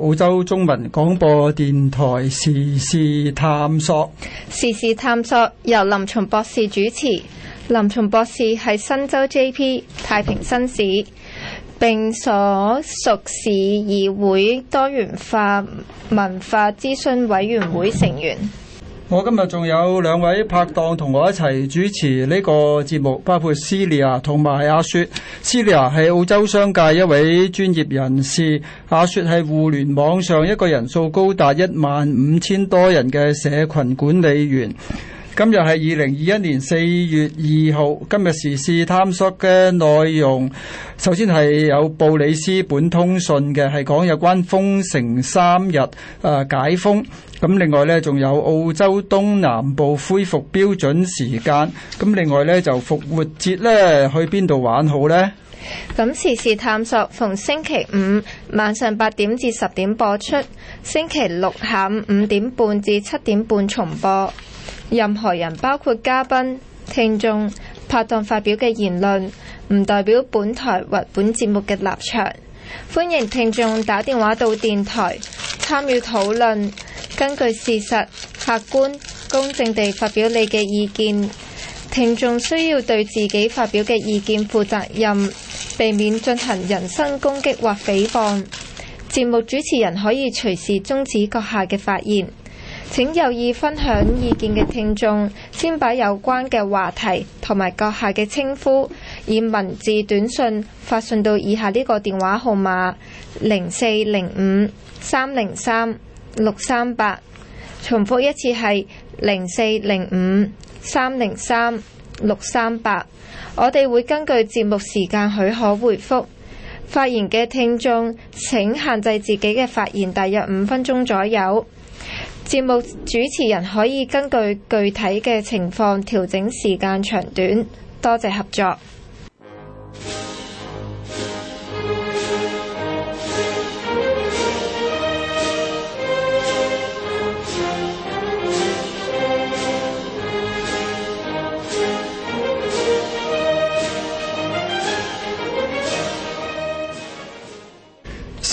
澳洲中文廣播電台時事探索，時事探索由林松博士主持。林松博士係新州 J.P. 太平紳士，並所屬市議會多元化文化諮詢委員會成員。我今日仲有兩位拍檔同我一齊主持呢個節目，包括 Celia 同埋阿雪。Celia 係澳洲商界一位專業人士，阿雪係互聯網上一個人數高達一萬五千多人嘅社群管理員。今日係二零二一年四月二號。今日時事探索嘅內容，首先係有布里斯本通訊嘅，係講有關封城三日誒、呃、解封。咁另外呢，仲有澳洲東南部恢復標準時間。咁另外呢，就復活節呢，去邊度玩好呢？咁時事探索逢星期五晚上八點至十點播出，星期六下午五點半至七點半重播。任何人包括嘉賓、聽眾、拍檔發表嘅言論，唔代表本台或本節目嘅立場。歡迎聽眾打電話到電台參與討論，根據事實、客觀、公正地發表你嘅意見。聽眾需要對自己發表嘅意見負責任，避免進行人身攻擊或誹謗。節目主持人可以隨時終止閣下嘅發言。請有意分享意見嘅聽眾，先把有關嘅話題同埋閣下嘅稱呼以文字短信發送到以下呢個電話號碼：零四零五三零三六三八。重複一次係零四零五三零三六三八。我哋會根據節目時間許可回覆發言嘅聽眾。請限制自己嘅發言大約五分鐘左右。節目主持人可以根據具體嘅情況調整時間長短，多謝合作。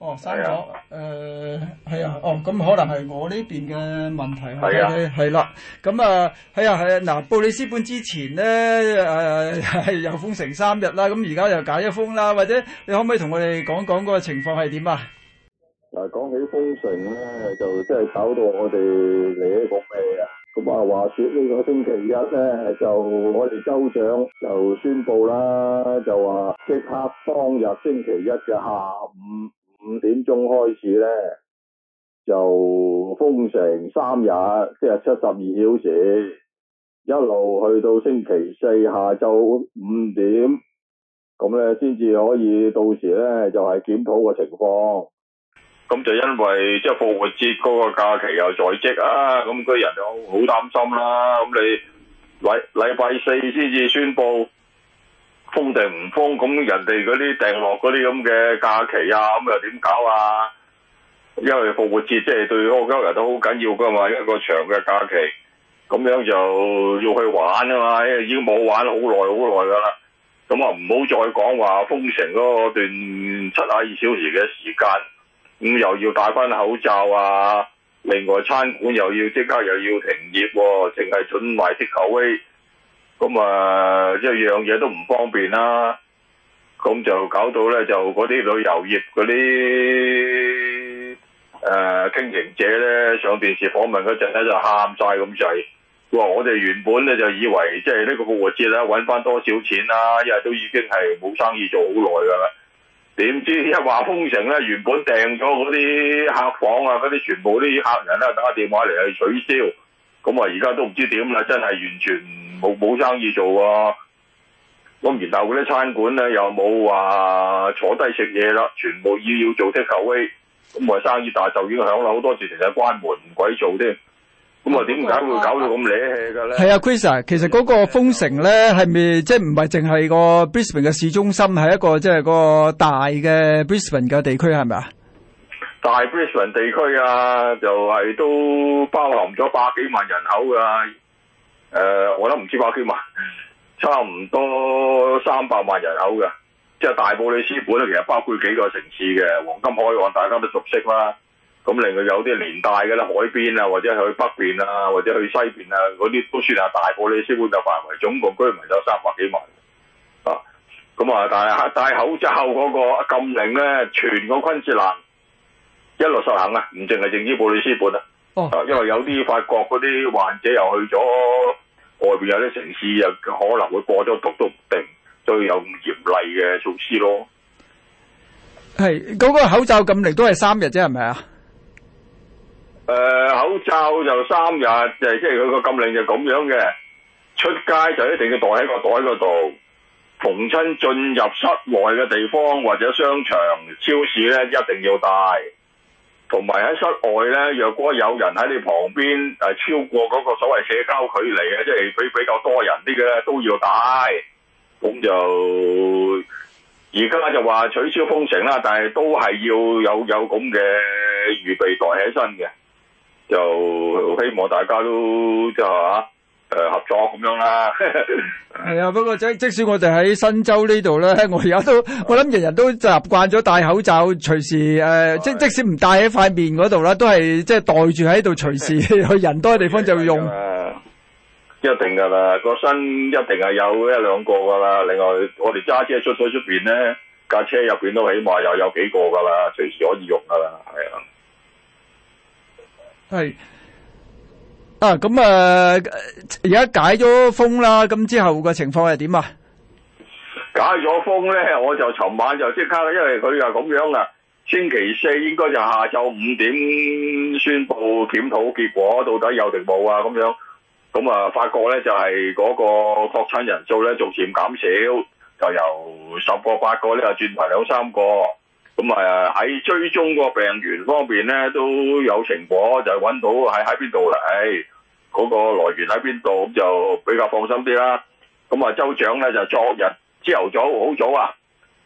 哦，生咗，誒係、哎呀呃、啊，哦咁可能係我呢邊嘅問題，係、哎、呀啊，係啦，咁啊係啊係啊，嗱、啊啊、布里斯本之前咧誒係又封城三日啦，咁而家又解一封啦，或者你可唔可以同我哋講講嗰個情況係點啊？嗱，講起封城咧，就真係搞到我哋嚟一個味啊！咁啊，話説呢個星期一咧，就我哋州長就宣布啦，就話即刻當日星期一嘅下午。五點鐘開始呢，就封城三日，即係七十二小時，一路去到星期四下晝五點，咁呢先至可以到時呢，就係、是、檢討個情況。咁就因為即係復活節嗰個假期又在即啊，咁個人就好擔心啦、啊。咁你禮禮拜四先至宣布。封定唔封咁，人哋嗰啲訂落嗰啲咁嘅假期啊，咁又點搞啊？因為復活節即係對香港人都好緊要噶嘛，一個長嘅假期，咁樣就要去玩啊嘛，因為已經冇玩好耐好耐㗎啦。咁啊唔好再講話封城嗰段七十二小時嘅時間，咁又要戴翻口罩啊，另外餐館又要即刻又要停業喎、啊，淨係準賣啲口味。咁啊，一樣嘢都唔方便啦。咁就搞到咧，就嗰啲旅遊業嗰啲誒經營者咧，上電視訪問嗰陣咧就喊晒咁滯。哇！我哋原本咧就以為即係呢個復活節咧，揾翻多少錢啦，因為都已經係冇生意做好耐㗎啦。點知一話封城咧，原本訂咗嗰啲客房啊，嗰啲全部啲客人咧打電話嚟去取消，咁啊，而家都唔知點啦，真係完全。冇冇生意做啊！咁、啊、然後嗰啲餐館咧又冇話、啊、坐低食嘢啦，全部要要做 takeaway，咁、啊、咪生意大受影響啦。好多時成日關門唔鬼做添。咁啊，點、啊、解、啊啊、會搞到咁瀨氣嘅咧？係啊 Chris、啊、其實嗰個封城咧係咪即係唔係淨係個 Brisbane 嘅市中心，係一個即係、就是、個大嘅 Brisbane 嘅地區係咪啊？是是大 Brisbane 地區啊，就係、是、都包含咗百幾萬人口㗎。誒、呃，我都唔知百幾萬，差唔多三百萬人口嘅，即係大布里斯本咧，其實包括幾個城市嘅黃金海岸，大家都熟悉啦。咁另外有啲連帶嘅啦，海邊啊，或者去北邊啊，或者去西邊啊，嗰啲都算係大布里斯本嘅範圍。總共居民有三百幾萬啊。咁啊，但係戴口罩嗰個禁令咧，全個昆士蘭一路實行啊，唔淨係淨係布里斯本啊。啊，哦、因為有啲法國嗰啲患者又去咗外邊有啲城市，又可能會過咗毒都唔定，所以有咁嚴厲嘅措施咯。係嗰、嗰個口罩禁令都係三日啫，係咪啊？誒、呃，口罩就三日，誒，即係佢個禁令就咁樣嘅。出街就一定要袋喺個袋嗰度，逢親進入室外嘅地方或者商場、超市咧，一定要戴。同埋喺室外咧，若果有人喺你旁邊，誒、啊、超過嗰個所謂社交距離嘅，即係比比較多人啲嘅咧，都要戴。咁就而家就話取消封城啦，但係都係要有有咁嘅預備袋起身嘅，就希望大家都即係話。啊誒，合作咁樣啦，係啊。不過即即使我哋喺新州呢度咧，我而家都我諗人人都習慣咗戴口罩隨，隨時誒，即、啊、即使唔戴喺塊面嗰度啦，都係即係袋住喺度，隨時去人多嘅地方就要用、啊。一定噶啦，那個身一定係有一兩個噶啦。另外，我哋揸車出咗出邊咧，架車入邊都起碼又有，有幾個噶啦，隨時可以用噶啦，係啊。係、啊。啊，咁、嗯、啊，而家解咗封啦，咁之後個情況係點啊？解咗封咧，我就尋晚就即刻，因為佢就咁樣啊。星期四應該就下晝五點宣布檢討結果，到底有定冇啊？咁樣，咁啊，發覺咧就係、是、嗰個確診人數咧逐漸減少，就由十個八個呢，又轉為兩三個。咁啊喺追蹤個病源方面咧都有成果，就揾到喺喺邊度啦，嗰、嗰個來源喺邊度，咁就比較放心啲啦。咁啊，州長咧就昨日朝頭早好早啊，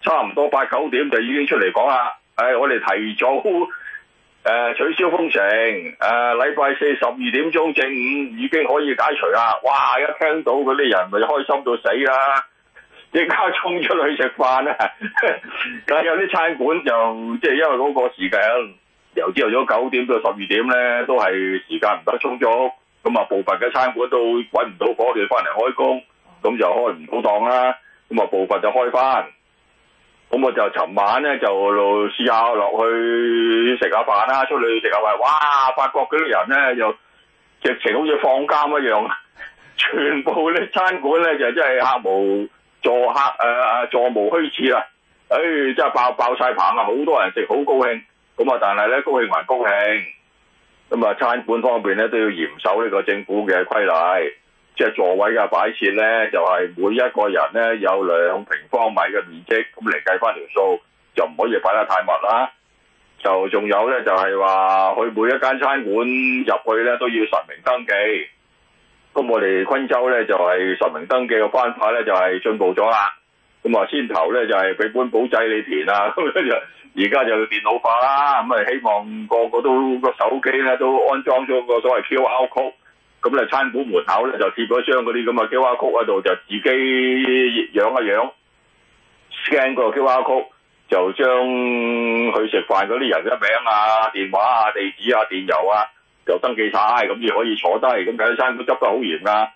差唔多八九點就已經出嚟講啦。誒、哎，我哋提早誒、啊、取消封城，誒禮拜四十二點鐘正午已經可以解除啦。哇！一聽到嗰啲人咪開心到死啦、啊、～即刻衝出去食飯啦！咁 有啲餐館就即係、就是、因為嗰個時間，由朝頭早九點到十二點咧，都係時間唔得充足。咁、嗯、啊，部分嘅餐館都揾唔到夥伴翻嚟開工，咁、嗯、就開唔到檔啦。咁、嗯、啊，部分就開翻。咁、嗯、我就尋晚咧就試下落去食下飯啦，出去食下飯。哇！發覺啲人咧又直情好似放監一樣，全部啲餐館咧就真係客無。座客，誒誒，座無虛席啦，誒、哎、真係爆爆晒棚啊！好多人食，好高興咁啊！但係咧高興還高興，咁啊，餐館方面咧都要嚴守呢個政府嘅規例，即係座位嘅擺設咧就係、是、每一個人咧有兩平方米嘅面積，咁嚟計返條數就唔可以擺得太密啦。就仲有咧就係、是、話去每一間餐館入去咧都要實名登記。咁我哋昆州咧就係、是、實名登記嘅翻牌咧就係、是、進步咗啦。咁啊，先頭咧就係、是、俾本簿仔你填啊，咁 就而家就電腦化啦。咁啊，希望個個都個手機咧都安裝咗個所謂 QR code。咁咧，餐館門口咧就貼咗一張嗰啲咁嘅 QR code 喺度，就自己養一養，scan 個 QR code，就將去食飯嗰啲人嘅名啊、電話啊、地址啊、電郵啊。就登記晒，咁，就可以坐低咁。計生都執得好嚴噶，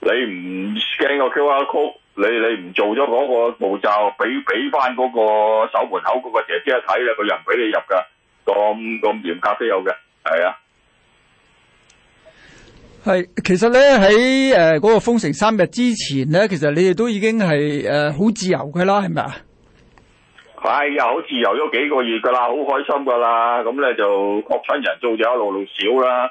你唔 scan 個 QR code，你你唔做咗嗰個步驟，俾俾翻嗰個守門口嗰個姐姐一睇啦，佢又唔俾你入噶。咁咁嚴格都有嘅，係啊。係，其實咧喺誒嗰個封城三日之前咧，其實你哋都已經係誒好自由嘅啦，係咪啊？係又、哎、好似由咗幾個月㗎啦，好開心㗎啦。咁咧就確診人數就一路路少啦。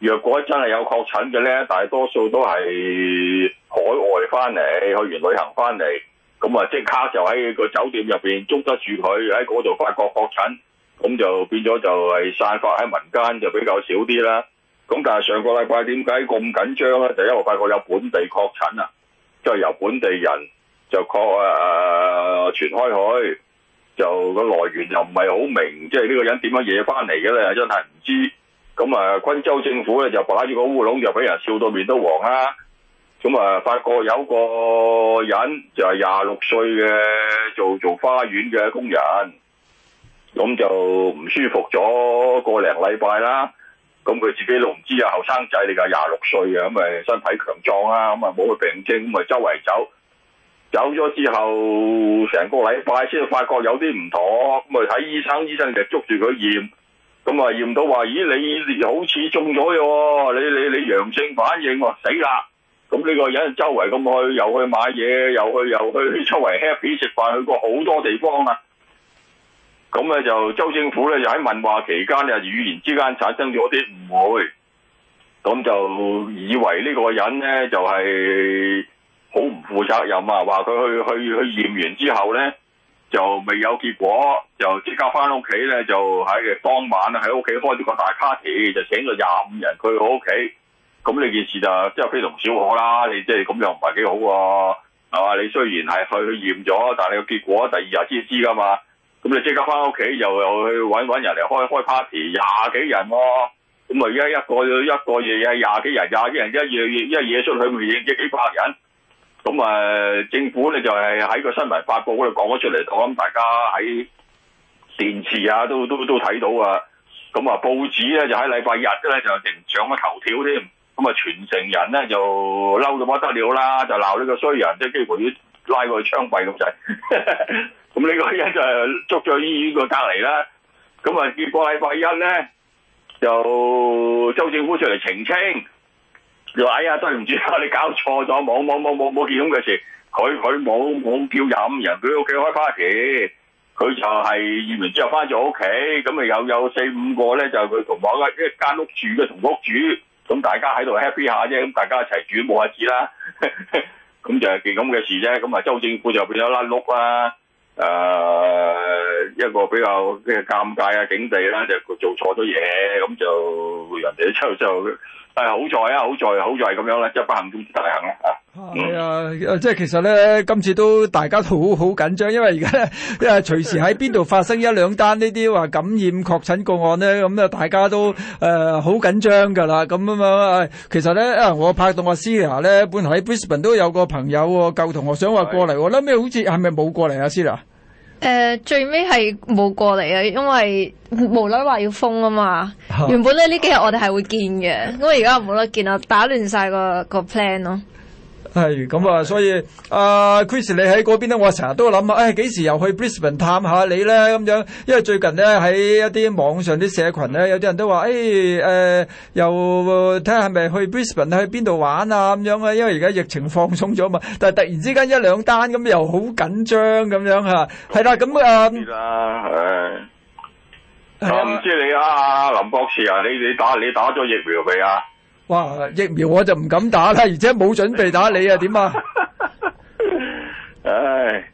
若果真係有確診嘅咧，大多數都係海外翻嚟，去完旅行翻嚟，咁啊即刻就喺個酒店入邊捉得住佢，喺嗰度發覺確診，咁就變咗就係散發喺民間就比較少啲啦。咁但係上個禮拜點解咁緊張咧？就因為發覺有本地確診啊，即、就、係、是、由本地人就確誒誒、呃、傳開去。就個來源又唔係好明，即係呢個人點樣惹翻嚟嘅咧，真係唔知。咁啊，昆州政府咧就擺住個烏龍，就俾人笑到面都黃啦、啊。咁啊，發覺有個人就係廿六歲嘅，做做花園嘅工人，咁就唔舒服咗個零禮拜啦。咁佢自己都唔知啊，後生仔嚟噶，廿六歲嘅，咁咪身體強壯啊，咁啊冇咩病徵，咁啊周圍走。走咗之後，成個禮拜先發覺有啲唔妥，咁啊睇醫生，醫生就捉住佢驗，咁啊驗到話：咦，你好似中咗嘅喎！你你你陽性反應，死啦！咁呢個人周圍咁去，又去買嘢，又去又去周圍 happy 食飯，去過好多地方啊！咁咧就州政府咧就喺問話期間啊，語言之間產生咗啲誤會，咁就以為呢個人咧就係、是。好唔負責任啊！話佢去去去驗完之後咧，就未有結果，就即刻返屋企咧，就喺當晚喺屋企開咗個大 party，就請咗廿五人去我屋企。咁呢件事就即係非同小可啦！你即係咁又唔係幾好啊？啊！你雖然係去去驗咗，但係個結果第二日先知㗎嘛。咁你即刻返屋企又又去揾揾人嚟開開 party，廿幾人喎。咁啊，依家一個一個夜啊，廿幾人，廿幾人一夜一夜出去咪影咗幾百人。咁啊，政府咧就係喺個新聞發佈嗰度講咗出嚟，我諗大家喺電視啊都都都睇到啊。咁啊，報紙咧就喺禮拜日咧就連上咗頭條添。咁啊，全城人咧就嬲到不得了啦，就鬧呢個衰人，即係幾乎要拉過去槍斃咁滯。咁 呢、這個人就捉咗去醫院個隔離啦。咁啊，結果禮拜一咧就州政府出嚟澄清。唔係啊，對唔住啊，你搞錯咗，冇冇冇冇冇件咁嘅事。佢佢冇冇叫飲人家家，佢屋企開 party，佢就係驗完之後翻咗屋企，咁咪有有四五個咧，就佢同我一間屋住嘅同屋住，咁大家喺度 happy 下啫，咁大家一齊住冇法子啦。咁就係件咁嘅事啫。咁啊，州政府就變咗甩碌啦，誒、呃，一個比較尷尬嘅境地啦，就佢做錯咗嘢，咁就人哋出去就就。係好在啊，好在好在咁樣咧，即係不幸中大幸咧啊，即係其實咧，今次都大家都好好緊張，因為而家因為隨時喺邊度發生一兩單呢啲話感染確診個案咧，咁、嗯、啊大家都誒好、呃、緊張㗎啦，咁啊嘛。其實咧啊，我拍檔阿 Celia 咧，本嚟喺 Brisbane 都有個朋友舊同學想話過嚟，諗起是好似係咪冇過嚟啊 Celia？誒，uh, 最尾係冇過嚟啊，因為無啦啦話要封啊嘛。Oh. 原本咧呢幾日我哋係會見嘅，咁啊而家冇得見啦，打亂晒個個 plan 咯。係咁啊，所以阿 Chris，你喺嗰邊咧，我成日都諗下，誒，幾時又去 Brisbane 探下你咧？咁樣，因為最近咧喺一啲網上啲社群咧，有啲人都話，誒，誒，又睇下係咪去 Brisbane 去邊度玩啊？咁樣啊，因為而家疫情放鬆咗嘛，但係突然之間一兩單咁又好緊張咁樣吓，係啦，咁啊，唔知你阿林博士啊，你你打你打咗疫苗未啊？哇！疫苗我就唔敢打啦，而且冇準備打你啊？點啊？唉 、哎，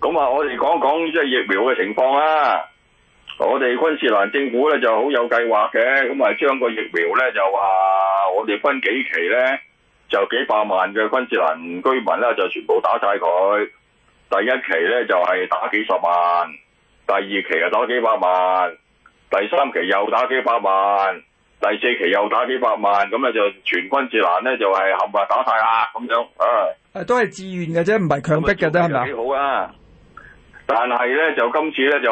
咁啊，我哋講講即係疫苗嘅情況啦。我哋昆士蘭政府咧就好有計劃嘅，咁啊將個疫苗咧就話我哋分幾期咧，就幾百萬嘅昆士蘭居民咧就全部打晒佢。第一期咧就係、是、打幾十萬，第二期啊打幾百萬，第三期又打幾百萬。第四期又打幾百萬，咁啊就全軍摯難咧，就係冚唪唥打晒啦咁樣，啊，都係自願嘅啫，唔係強迫嘅啫，係嘛、嗯？幾好啊！但係咧，就今次咧，就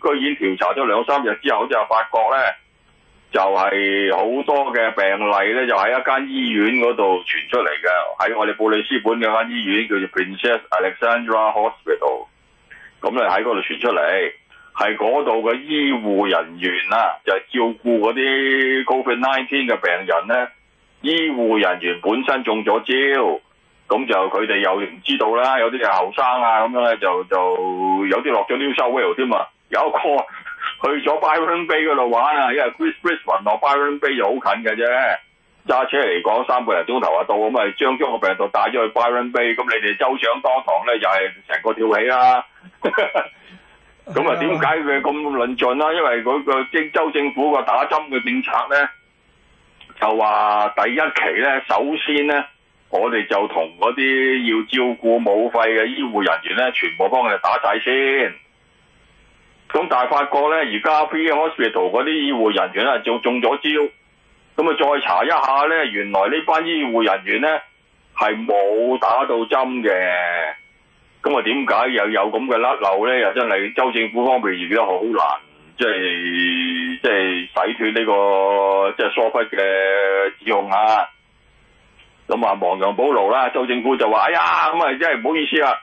居然調查咗兩三日之後，就發覺咧，就係、是、好多嘅病例咧，就喺一間醫院嗰度傳出嚟嘅，喺我哋布里斯本嘅間醫院叫做 Princess Alexandra Hospital，咁啊喺嗰度傳出嚟。係嗰度嘅醫護人員啦、啊，就係照顧嗰啲 COVID-19 嘅病人咧。醫護人員本身中咗招，咁就佢哋又唔知道啦。有啲就後生啊，咁樣咧就就有啲落咗 New South Wales 添啊。有一個去咗 Byron Bay 嗰度玩啊，因為 Brisbane 落 Byron Bay 就好近嘅啫，揸車嚟講三個人鐘頭啊到，咁咪將將個病毒帶咗去 Byron Bay。咁你哋州長當堂咧又係成個跳起啦、啊！ 咁啊，點解佢咁論盡啦？因為個個州政府個打針嘅政策咧，就話第一期咧，首先咧，我哋就同啲要照顧冇肺嘅醫護人員咧，全部幫佢哋打晒先。咁但係發覺咧，而家 private hospital 啲醫護人員啊，就中咗招。咁啊，再查一下咧，原來呢班醫護人員咧係冇打到針嘅。咁啊，點解又有咁嘅甩漏咧？又真係州政府方面而家好難，即係即係洗脱呢個即係疏忽嘅指控啊！咁啊，亡羊補牢啦，州政府就話：哎呀，咁啊，真係唔好意思啦。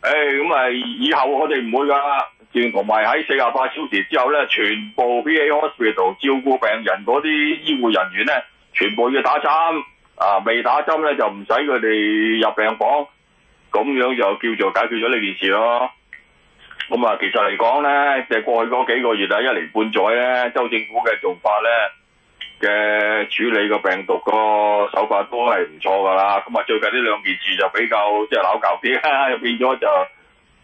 誒，咁啊，哎、以後我哋唔會㗎啦。同埋喺四十八小時之後咧，全部 PA Hospital 照顧病人嗰啲醫護人員咧，全部要打針。啊，未打針咧就唔使佢哋入病房。咁樣就叫做解決咗呢件事咯。咁啊，其實嚟講咧，就係過去嗰幾個月啊，一年半載咧，州政府嘅做法咧嘅處理個病毒個手法都係唔錯噶啦。咁啊，最近呢兩件事就比較即係拗撬啲啊，就是、惱惱 變咗就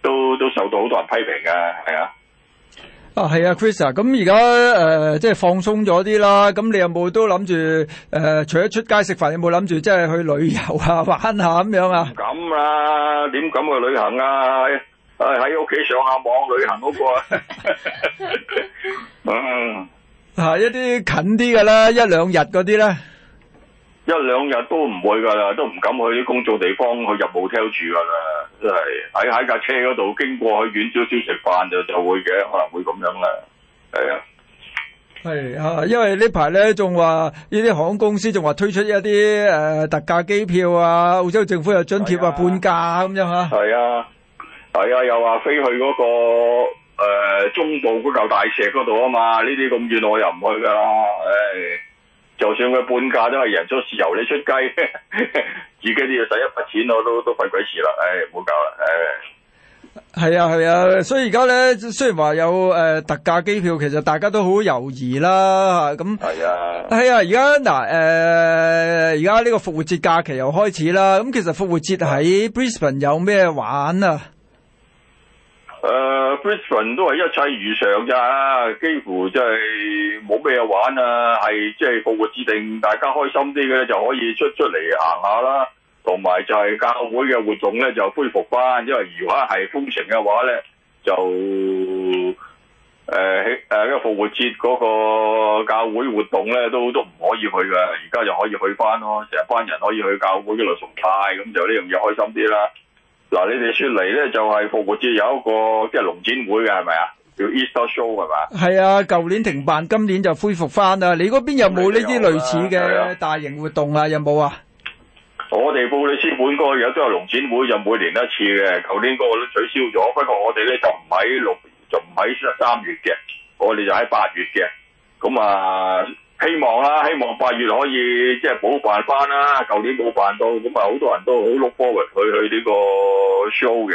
都都受到好多人批評嘅，係啊。啊，係啊，Chris，咁而家誒，即係放鬆咗啲啦。咁你有冇都諗住誒，除咗出街食飯，有冇諗住即係去旅遊啊，玩下咁樣啊？唔敢啦，點敢去旅行啊？誒，喺屋企上下網旅行好過啊。啊，一啲近啲嘅啦，一兩日嗰啲咧，一兩日都唔會噶啦，都唔敢去啲工作地方去入 hotel 住噶啦。即係喺喺架車嗰度經過去遠少少食飯就就會嘅，可能會咁樣啦，係啊，係啊，因為呢排咧仲話呢啲航空公司仲話推出一啲誒、呃、特價機票啊，澳洲政府有津貼啊，半價咁樣啊，係啊，係啊，啊，啊，又話飛去嗰、嗰個誒、呃、中部嗰嚿大石嗰度啊嘛，呢啲咁遠我又唔去噶啦，唉、啊。就算佢半價都係人出豉油，你出雞， 自己都要使一筆錢，我都都費鬼事啦！唉，唔好搞啦！唉，係啊係啊，啊啊啊所以而家咧，雖然話有誒、呃、特價機票，其實大家都好猶豫啦咁。係啊係啊，而家嗱誒，而家呢個復活節假期又開始啦，咁、嗯、其實復活節喺 Brisbane 有咩玩啊？誒、uh，Christian 都係一切如常咋，幾乎即係冇咩玩啊，係即係復活節定大家開心啲嘅就可以出出嚟行下啦，同埋就係教會嘅活動咧就恢復翻，因為如果係封城嘅話咧就誒喺誒因為復活節嗰個教會活動咧都都唔可以去嘅，而家就可以去翻咯，啊，成班人可以去教會嗰度崇拜，咁就呢樣嘢開心啲啦。嗱，你哋出嚟咧就係、是、復活節有一個即係農展會嘅係咪啊？叫 Easter Show 係嘛？係 啊樂，舊年停辦，今年就恢復翻啦。你嗰邊有冇呢啲類似嘅大型活動 啊？有冇啊？我哋布里斯本嗰個有都有農展會，就每年一次嘅。舊年嗰個都取消咗。不過我哋咧就唔喺六，就唔喺三月嘅，我哋就喺八月嘅。咁啊。希望啦、啊，希望八月可以即係補辦翻啦、啊。舊年冇辦到，咁啊好多人都好 look forward 去去呢個 show 嘅。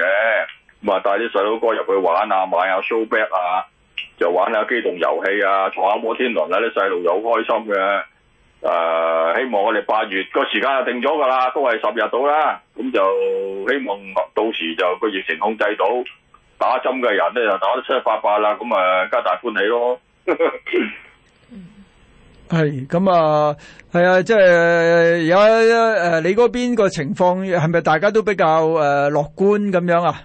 咁啊帶啲細佬哥入去玩啊，買下、啊、show bag 啊，就玩下、啊、機動遊戲啊，坐下摩天輪啊，啲細路又好開心嘅。誒、呃，希望我哋八月個時間就定咗㗎啦，都係十日到啦。咁就希望到時就個疫情控制到，打針嘅人咧就打得七七八八啦，咁啊加大歡喜咯。 係咁、嗯、啊，係啊，即係而家誒，你嗰邊個情況係咪大家都比較誒樂、啊、觀咁樣啊？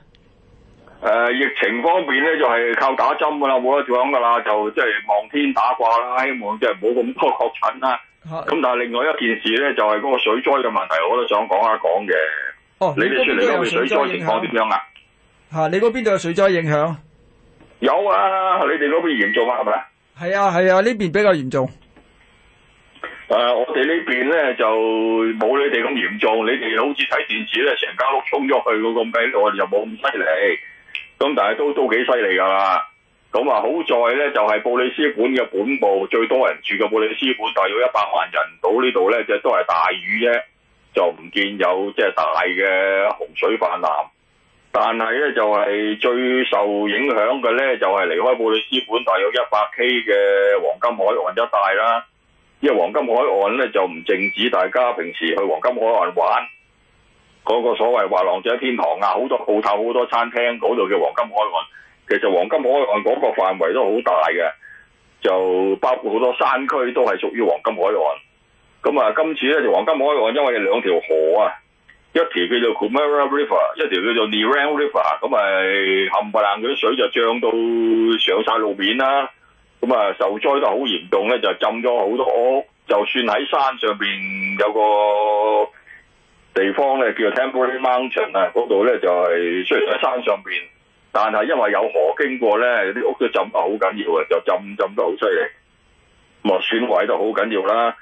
誒、啊，疫情方面咧就係、是、靠打針噶啦，冇得講噶啦，就即係望天打卦啦，希望即係冇咁多確診啦。咁、啊、但係另外一件事咧就係、是、嗰個水災嘅問題，我講講講，我都想講一講嘅。哦、啊，你哋說，你嗰邊水災情況點樣啊？吓，你嗰邊都有水災影響？有啊，你哋嗰邊嚴重啊，係咪？係啊係啊，呢邊、啊啊、比較嚴重。誒、啊，我哋呢邊咧就冇你哋咁嚴重，你哋好似睇電視咧，成間屋沖咗去嗰個咩，我哋就冇咁犀利。咁但係都都幾犀利㗎啦。咁啊，好在咧就係、是、布里斯本嘅本部最多人住嘅布里斯本，大約一百萬人到呢度咧，就都係大雨啫，就唔見有即係大嘅洪水泛濫。但係咧就係、是、最受影響嘅咧，就係、是、離開布里斯本大約一百 K 嘅黃金海岸一帶啦。因為黃金海岸咧就唔淨止大家平時去黃金海岸玩嗰、那個所謂滑浪者天堂啊，好多鋪頭、好多餐廳嗰度嘅黃金海岸，其實黃金海岸嗰個範圍都好大嘅，就包括好多山區都係屬於黃金海岸。咁啊，今次咧就黃金海岸，因為有兩條河啊，一條叫做 Coomera River，一條叫做 Nerang River，咁啊，冚唪唥嗰啲水就漲到上晒路面啦。咁啊，受災都好嚴重咧，就浸咗好多屋。就算喺山上邊有個地方咧，叫 Tamborine Mountain 啊、就是，嗰度咧就係雖然喺山上邊，但係因為有河經過咧，啲屋都浸得好緊要啊，就浸浸得好犀利。咁啊，損毀得好緊要啦。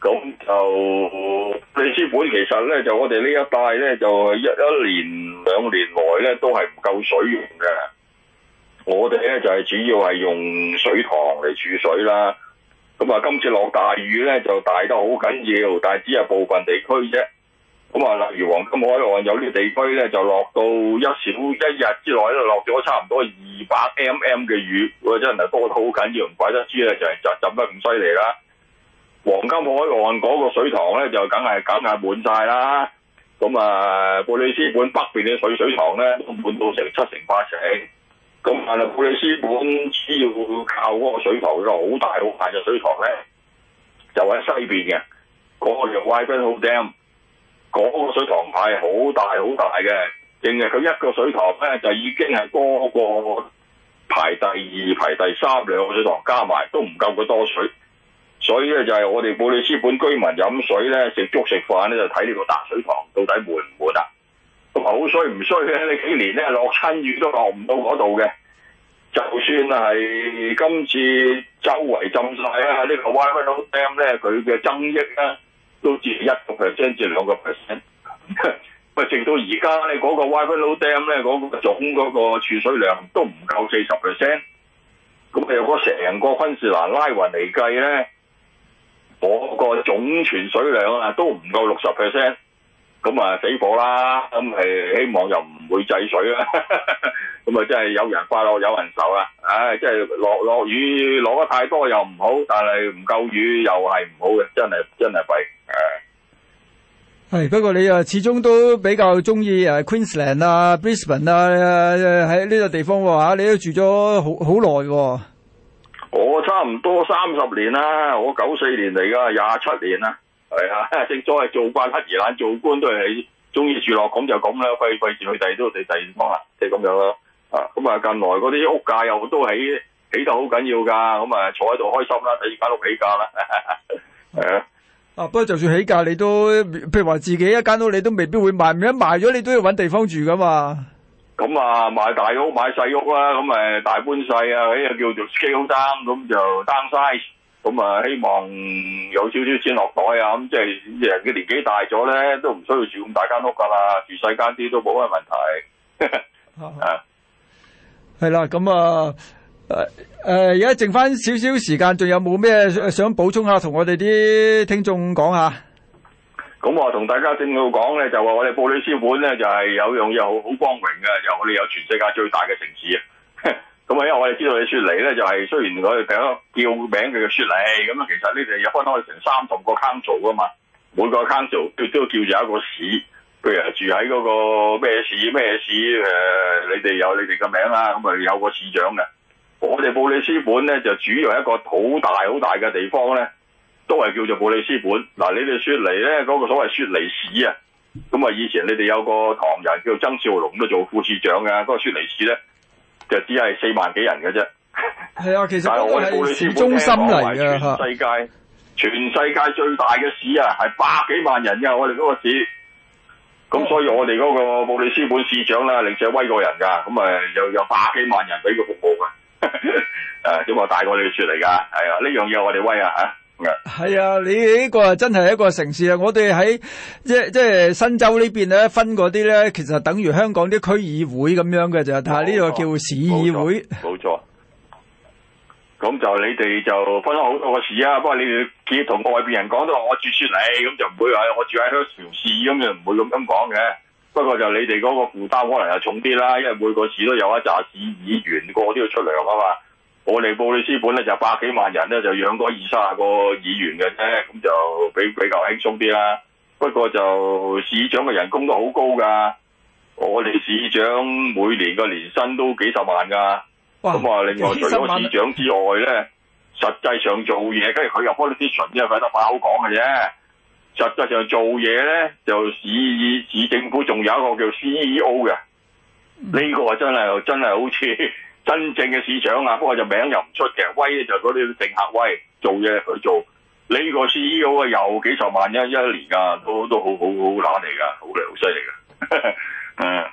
咁就四千本其實咧，就我哋呢一帶咧，就一一年兩年內咧，都係唔夠水用嘅。我哋咧就係、是、主要係用水塘嚟儲水啦。咁、嗯、啊，今次落大雨咧就大得好緊要，但係只係部分地區啫。咁、嗯、啊，例如黃金海岸有啲地區咧就落到一小一日之內咧落咗差唔多二百 mm 嘅雨，真係多得好緊要，唔怪得知咧成就是、浸得咁犀利啦。黃金海岸嗰個水塘咧就梗係梗係滿晒啦。咁、嗯、啊，布里斯本北邊嘅水水塘咧滿到成七成八成。咁但係布里斯本只要靠嗰個水塘，嗰個好大好大隻水塘咧，就喺西邊嘅嗰、那個又挖得好深，嗰、那個水塘派好大好大嘅。淨係佢一個水塘咧就已經係多過排第二排第三兩個水塘加埋都唔夠佢多水，所以咧就係我哋布里斯本居民飲水咧食粥食飯咧就睇呢個大水塘到底滿唔滿啊！好衰唔衰咧？你幾年咧落親雨都落唔到嗰度嘅。就算係今次周圍浸晒啊，呢、這個 Wivenhoe Dam 咧，佢嘅、e、增益咧都只係一個 percent 至兩個 percent。咁啊， 直到而家咧，嗰、那個 Wivenhoe Dam 咧，嗰、e、個總嗰個儲水量都唔夠四十 percent。咁啊，如果成個昆士蘭拉勻嚟計咧，嗰、那個總存水量啊都唔夠六十 percent。咁啊，死火啦！咁誒，希望又唔會制水啦。咁啊，真係有人快樂，有人受啦。唉、啊，真係落落雨落得太多又唔好，但係唔夠雨又係唔好嘅，真係真係弊誒。係不過你啊，始終都比較中意誒，Queensland 啊，Brisbane 啊，喺、啊、呢個地方吓、啊，你都住咗好好耐、啊。我差唔多三十年啦，我九四年嚟㗎，廿七年啦。係啊， 正所謂做官乞兒懶，做官都係中意住落咁就咁啦，費費住佢哋，都度第第二方啦，即係咁樣咯。啊，咁啊，近來嗰啲屋價又都喺起，起得好緊要噶，咁啊坐喺度開心啦，第二間屋起價啦。係啊，啊，是啊不過就算起價，你都譬如話自己一間屋，你都未必會賣，萬一賣咗你都要搵地方住噶嘛。咁啊，買大屋買細屋啦，咁啊，大搬細啊，呢個叫做 s c 咁就 down size。咁啊、嗯，希望有少少錢落袋啊！咁、嗯、即係人嘅年紀大咗咧，都唔需要住咁大間屋噶啦，住細間啲都冇乜問題。呵呵啊，係啦，咁啊，誒誒，而家、呃呃呃、剩翻少少時間，仲有冇咩想補充下，同我哋啲聽眾講下？咁、嗯、我同大家正要講咧，就話我哋布里斯本咧，就係、是、有樣嘢好好光榮嘅，就是、我哋有全世界最大嘅城市啊！咁啊，因為我哋知道你雪梨咧，就係、是、雖然我哋第一叫名叫做雪梨，咁啊，其實呢度有分開成三、十個 council 噶嘛，每個 council 都都叫做一個市，譬如住喺嗰個咩市、咩市誒、呃，你哋有你哋嘅名啦，咁啊，有個市長嘅。我哋布里斯本咧就主要係一個好大好大嘅地方咧，都係叫做布里斯本。嗱，你哋雪梨咧嗰、那個所謂雪梨市啊，咁啊，以前你哋有個唐人叫曾少龍都做副市長嘅，嗰、那個雪梨市咧。就只係四萬幾人嘅啫，係啊，其實我哋布里斯本中心嚟噶吓，全世界全世界最大嘅市啊，係 百幾萬人噶我哋嗰個市，咁所以我哋嗰個布里斯本市長啦，零舍威過人噶，咁啊又有百幾萬人俾佢服務 啊。誒，咁啊大過你哋說嚟噶，係啊，呢樣嘢，我哋威啊吓。係啊，你呢個啊真係一個城市啊！我哋喺即即新州呢邊咧分嗰啲咧，其實等於香港啲區議會咁樣嘅啫。但係呢個叫市議會，冇錯。咁就你哋就分咗好多個市啊。不過你哋見同外邊人講都話我住雪梨，咁就唔會話我住喺鄉事市，咁就唔會咁樣講嘅。不過就你哋嗰個負擔可能又重啲啦，因為每個市都有一紮市議員，個個都要出糧啊嘛。我哋布里斯本咧就百幾萬人咧就養嗰二卅個議員嘅啫，咁就比比較輕鬆啲啦。不過就市長嘅人工都好高噶，我哋市長每年個年薪都幾十萬噶。咁啊哇，另外除咗市長之外咧，實際上做嘢，跟住佢又 politician，因為佢得把口講嘅啫。實際上做嘢咧，就市市政府仲有一個叫 CEO 嘅，呢、這個啊真係真係好似。嗯 真正嘅市長啊，不過就名又唔出嘅，威就嗰啲政客威，做嘢去做呢個 CEO，有幾十萬一一年啊，都都好好好攋嚟噶，好嚟好犀利噶，嗯，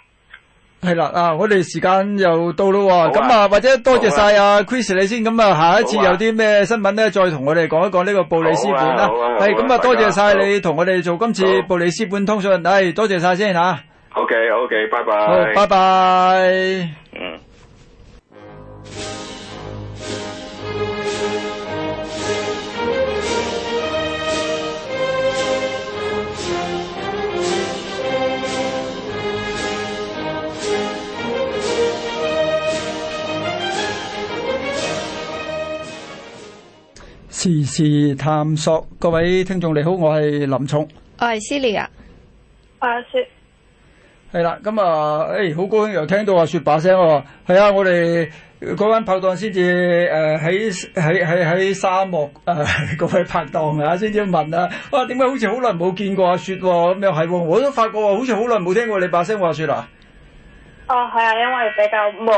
係啦啊，我哋時間又到啦喎，咁啊或者多謝晒啊 Chris 你先，咁啊下一次有啲咩新聞咧，再同我哋講一講呢個布里斯本啦，係咁啊多謝晒你同我哋做今次布里斯本通訊，係多謝晒先吓，OK OK，拜拜，拜拜，嗯。時事探索，各位聽眾你好，我係林聰，我係 Silly 啊。我係雪。係啦，咁啊，誒、欸，好高興又聽到啊雪把聲哦。係啊，我哋。嗰班拍檔先至誒喺喺喺喺沙漠誒，呃、 位拍檔啊，先至問啊，哇，點解好似好耐冇見過阿雪喎？咁又係喎，我都發覺好似好耐冇聽過你把聲話雪啦。哦，係啊，因為比較忙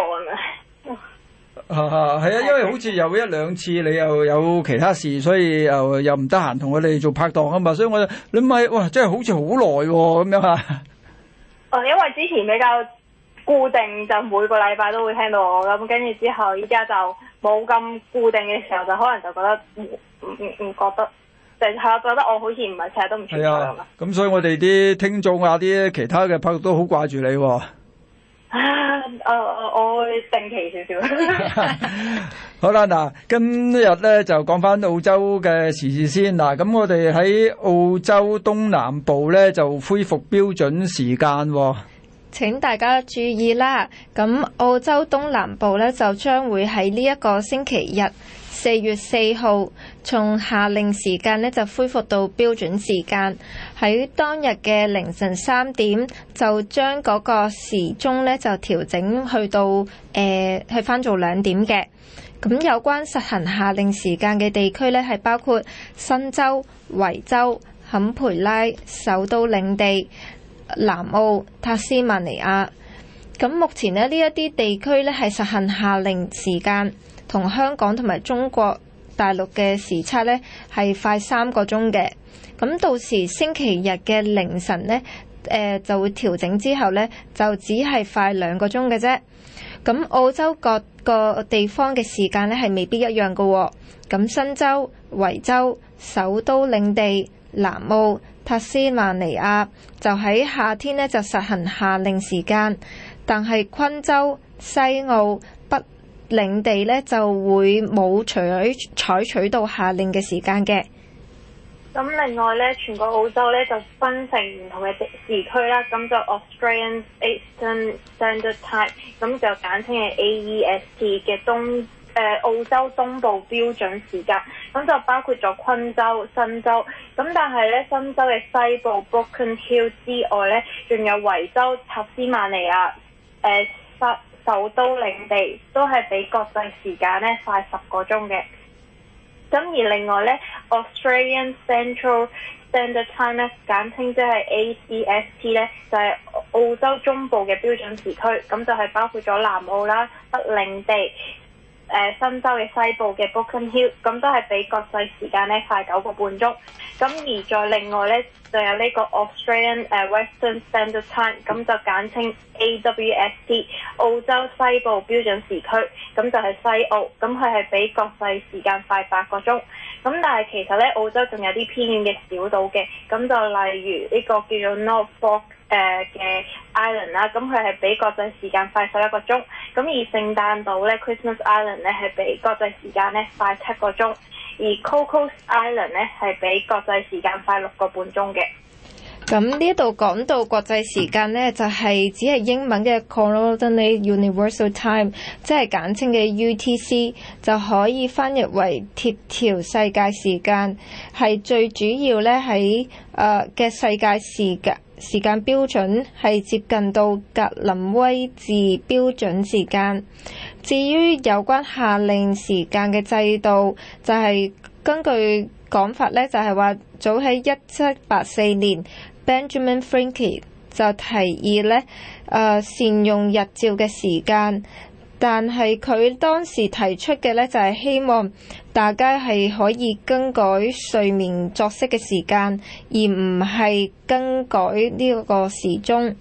啊。係啊，因為好似有一兩次你又有其他事，所以又又唔得閒同我哋做拍檔啊嘛，所以我你咪哇，真係好似好耐喎咁樣啊。哦， 因為之前比較。固定就每個禮拜都會聽到我咁，跟住之後依家就冇咁固定嘅時候，就可能就覺得唔唔唔覺得，就係我覺得我好似唔係成日都唔出場啦。咁所以我哋啲聽眾啊，啲其他嘅朋友都好掛住你。啊，我我我會定期少少。好啦，嗱，今日咧就講返澳洲嘅時事先。嗱，咁我哋喺澳洲東南部咧就恢復標準時間。請大家注意啦！咁澳洲東南部咧就將會喺呢一個星期日，四月四號，從夏令時間咧就恢復到標準時間，喺當日嘅凌晨三點就將嗰個時鐘咧就調整去到誒去翻做兩點嘅。咁有關實行夏令時間嘅地區咧，係包括新州、維州、坎培拉、首都領地。南澳、塔斯曼尼亞。咁目前呢，呢一啲地區呢，係實行夏令時間同香港同埋中國大陸嘅時差呢，係快三個鐘嘅，咁到時星期日嘅凌晨呢，誒、呃、就會調整之後呢，就只係快兩個鐘嘅啫，咁澳洲各個地方嘅時間呢，係未必一樣嘅咁、哦、新州、維州、首都領地、南澳。塔斯曼尼亞就喺夏天咧就實行夏令時間，但係昆州、西澳、北領地咧就會冇取採取到夏令嘅時間嘅。咁另外咧，全個澳洲咧就分成唔同嘅時區啦。咁就 Australian Eastern Standard Time，咁就簡稱係 A.E.S.T 嘅東。誒、呃、澳洲東部標準時間咁就包括咗昆州、新州。咁但係咧，新州嘅西部 Broken Hill 之外咧，仲有維州、塔斯曼尼亞誒、首、呃、首都領地都係比國際時間咧快十個鐘嘅。咁而另外咧，Australian Central Standard Time 咧，簡稱即係 ACST 咧，就係、是、澳洲中部嘅標準時區。咁就係包括咗南澳啦、北領地。誒，新州嘅西部嘅 Broken Hill 咁都係比國際時間咧快九個半鐘，咁而再另外咧就有呢個 Australian 誒 Western Standard Time，咁就簡稱 AWST，澳洲西部標準時區，咁就係西澳，咁佢係比國際時間快八個鐘，咁但係其實咧澳洲仲有啲偏遠嘅小島嘅，咁就例如呢個叫做 Norfolk。誒嘅、uh, Island 啦、嗯，咁佢係比國際時間快十一個鐘。咁、嗯、而聖誕島咧，Christmas Island 咧係比國際時間咧快七個鐘，而 Cocos Island 咧係比國際時間快六個，個半鐘嘅。咁呢度講到國際時間咧，就係、是、只係英文嘅 Coordinated Universal Time，即係簡稱嘅 UTC，就可以翻譯為貼條世界時間，係最主要咧喺誒嘅世界時間。時間標準係接近到格林威治標準時間。至於有關夏令時間嘅制度，就係、是、根據講法咧，就係、是、話早喺一七八四年，Benjamin Franklin 就提議咧，誒、呃、善用日照嘅時間。但係佢當時提出嘅呢，就係、是、希望大家係可以更改睡眠作息嘅時間，而唔係更改呢個時鐘。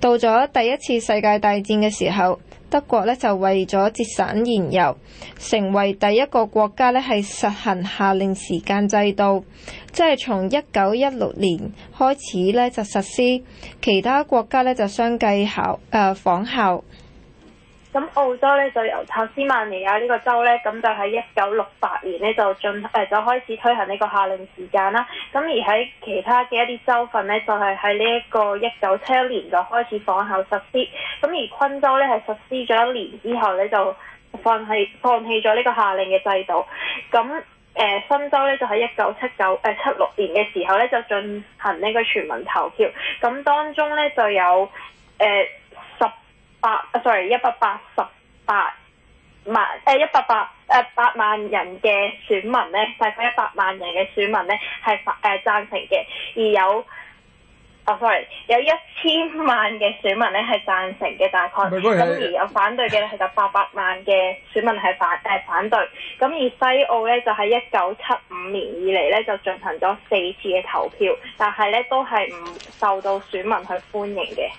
到咗第一次世界大戰嘅時候，德國呢就為咗節省燃油，成為第一個國家呢係實行夏令時間制度，即係從一九一六年開始呢就實施，其他國家呢，就相繼效、呃、仿效。咁澳洲咧就由塔斯曼尼亞呢個州咧，咁就喺一九六八年咧就進誒、呃、就開始推行呢個夏令時間啦。咁而喺其他嘅一啲州份咧，就係喺呢一個一九七一年就開始仿效實施。咁而昆州咧係實施咗一年之後咧就放棄放棄咗呢個夏令嘅制度。咁誒、呃、新州咧就喺一九七九誒七六年嘅時候咧就進行呢個全民投票。咁當中咧就有誒、呃八啊，sorry，一百八十八萬，誒一百八誒八萬人嘅選民咧，大概一百萬人嘅選民咧係反誒贊成嘅，而有，哦、uh，sorry，有一千萬嘅選民咧係贊成嘅，大概，咁而有反對嘅咧就八百萬嘅選民係反誒、uh, 反對，咁而西澳咧就喺一九七五年以嚟咧就進行咗四次嘅投票，但係咧都係唔受到選民去歡迎嘅。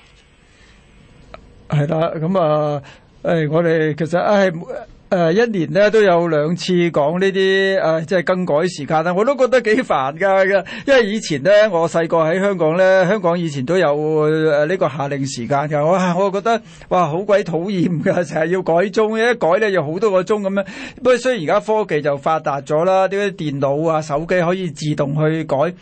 係啦，咁、嗯、啊，誒、哎，我哋其實唉。哎誒，一年咧，都有兩次講呢啲，誒，即係更改時間啦，我都覺得幾煩噶。因為以前咧，我細個喺香港咧，香港以前都有誒呢個夏令時間嘅。我啊，我覺得哇，好鬼討厭噶，成日要改鐘，一改咧又好多個鐘咁樣。不過雖然而家科技就發達咗啦，啲電腦啊、手機可以自動去改。咁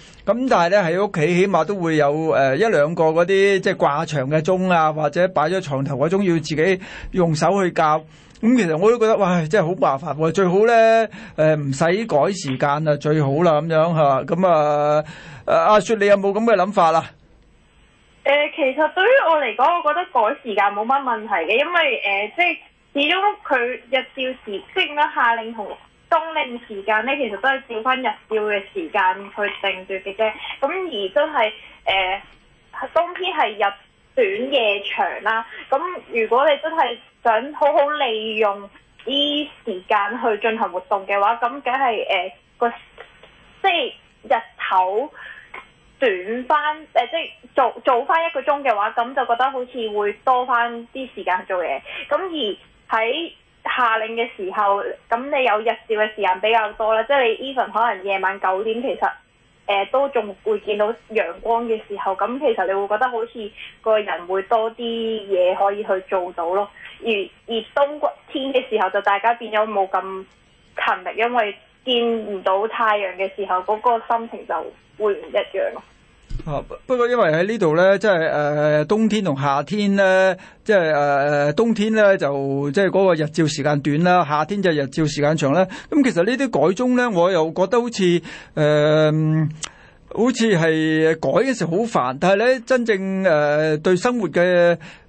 但係咧，喺屋企起碼都會有誒一兩個嗰啲即係掛牆嘅鐘啊，或者擺咗床頭嗰鐘要自己用手去校。咁、嗯、其實我都覺得，哇！真係好麻煩，最好咧，誒唔使改時間啦，最好啦咁樣嚇。咁、嗯、啊，阿雪你有冇咁嘅諗法啊？誒、呃，其實對於我嚟講，我覺得改時間冇乜問題嘅，因為誒、呃，即係始終佢日照時，即係點樣夏令同冬令時間咧，其實都係照翻日照嘅時間去定住嘅啫。咁而都係誒，冬天係日短夜長啦、啊。咁如果你真、就、係、是想好好利用啲時間去進行活動嘅話，咁梗係誒個，即係日頭短翻誒、呃、即係做做翻一個鐘嘅話，咁就覺得好似會多翻啲時間去做嘢。咁而喺夏令嘅時候，咁你有日照嘅時間比較多啦，即係你 even 可能夜晚九點其實。誒、呃、都仲會見到陽光嘅時候，咁、嗯、其實你會覺得好似個人會多啲嘢可以去做到咯。而而冬天嘅時候，就大家變咗冇咁勤力，因為見唔到太陽嘅時候，嗰、那個心情就會唔一樣。啊、不過因為喺呢度呢，即係誒、呃、冬天同夏天呢，即係誒、呃、冬天呢，就即係嗰個日照時間短啦，夏天就日照時間長啦。咁、嗯、其實呢啲改鐘呢，我又覺得好似誒、呃好似係改嘅時候好煩，但係咧真正誒、呃、對生活嘅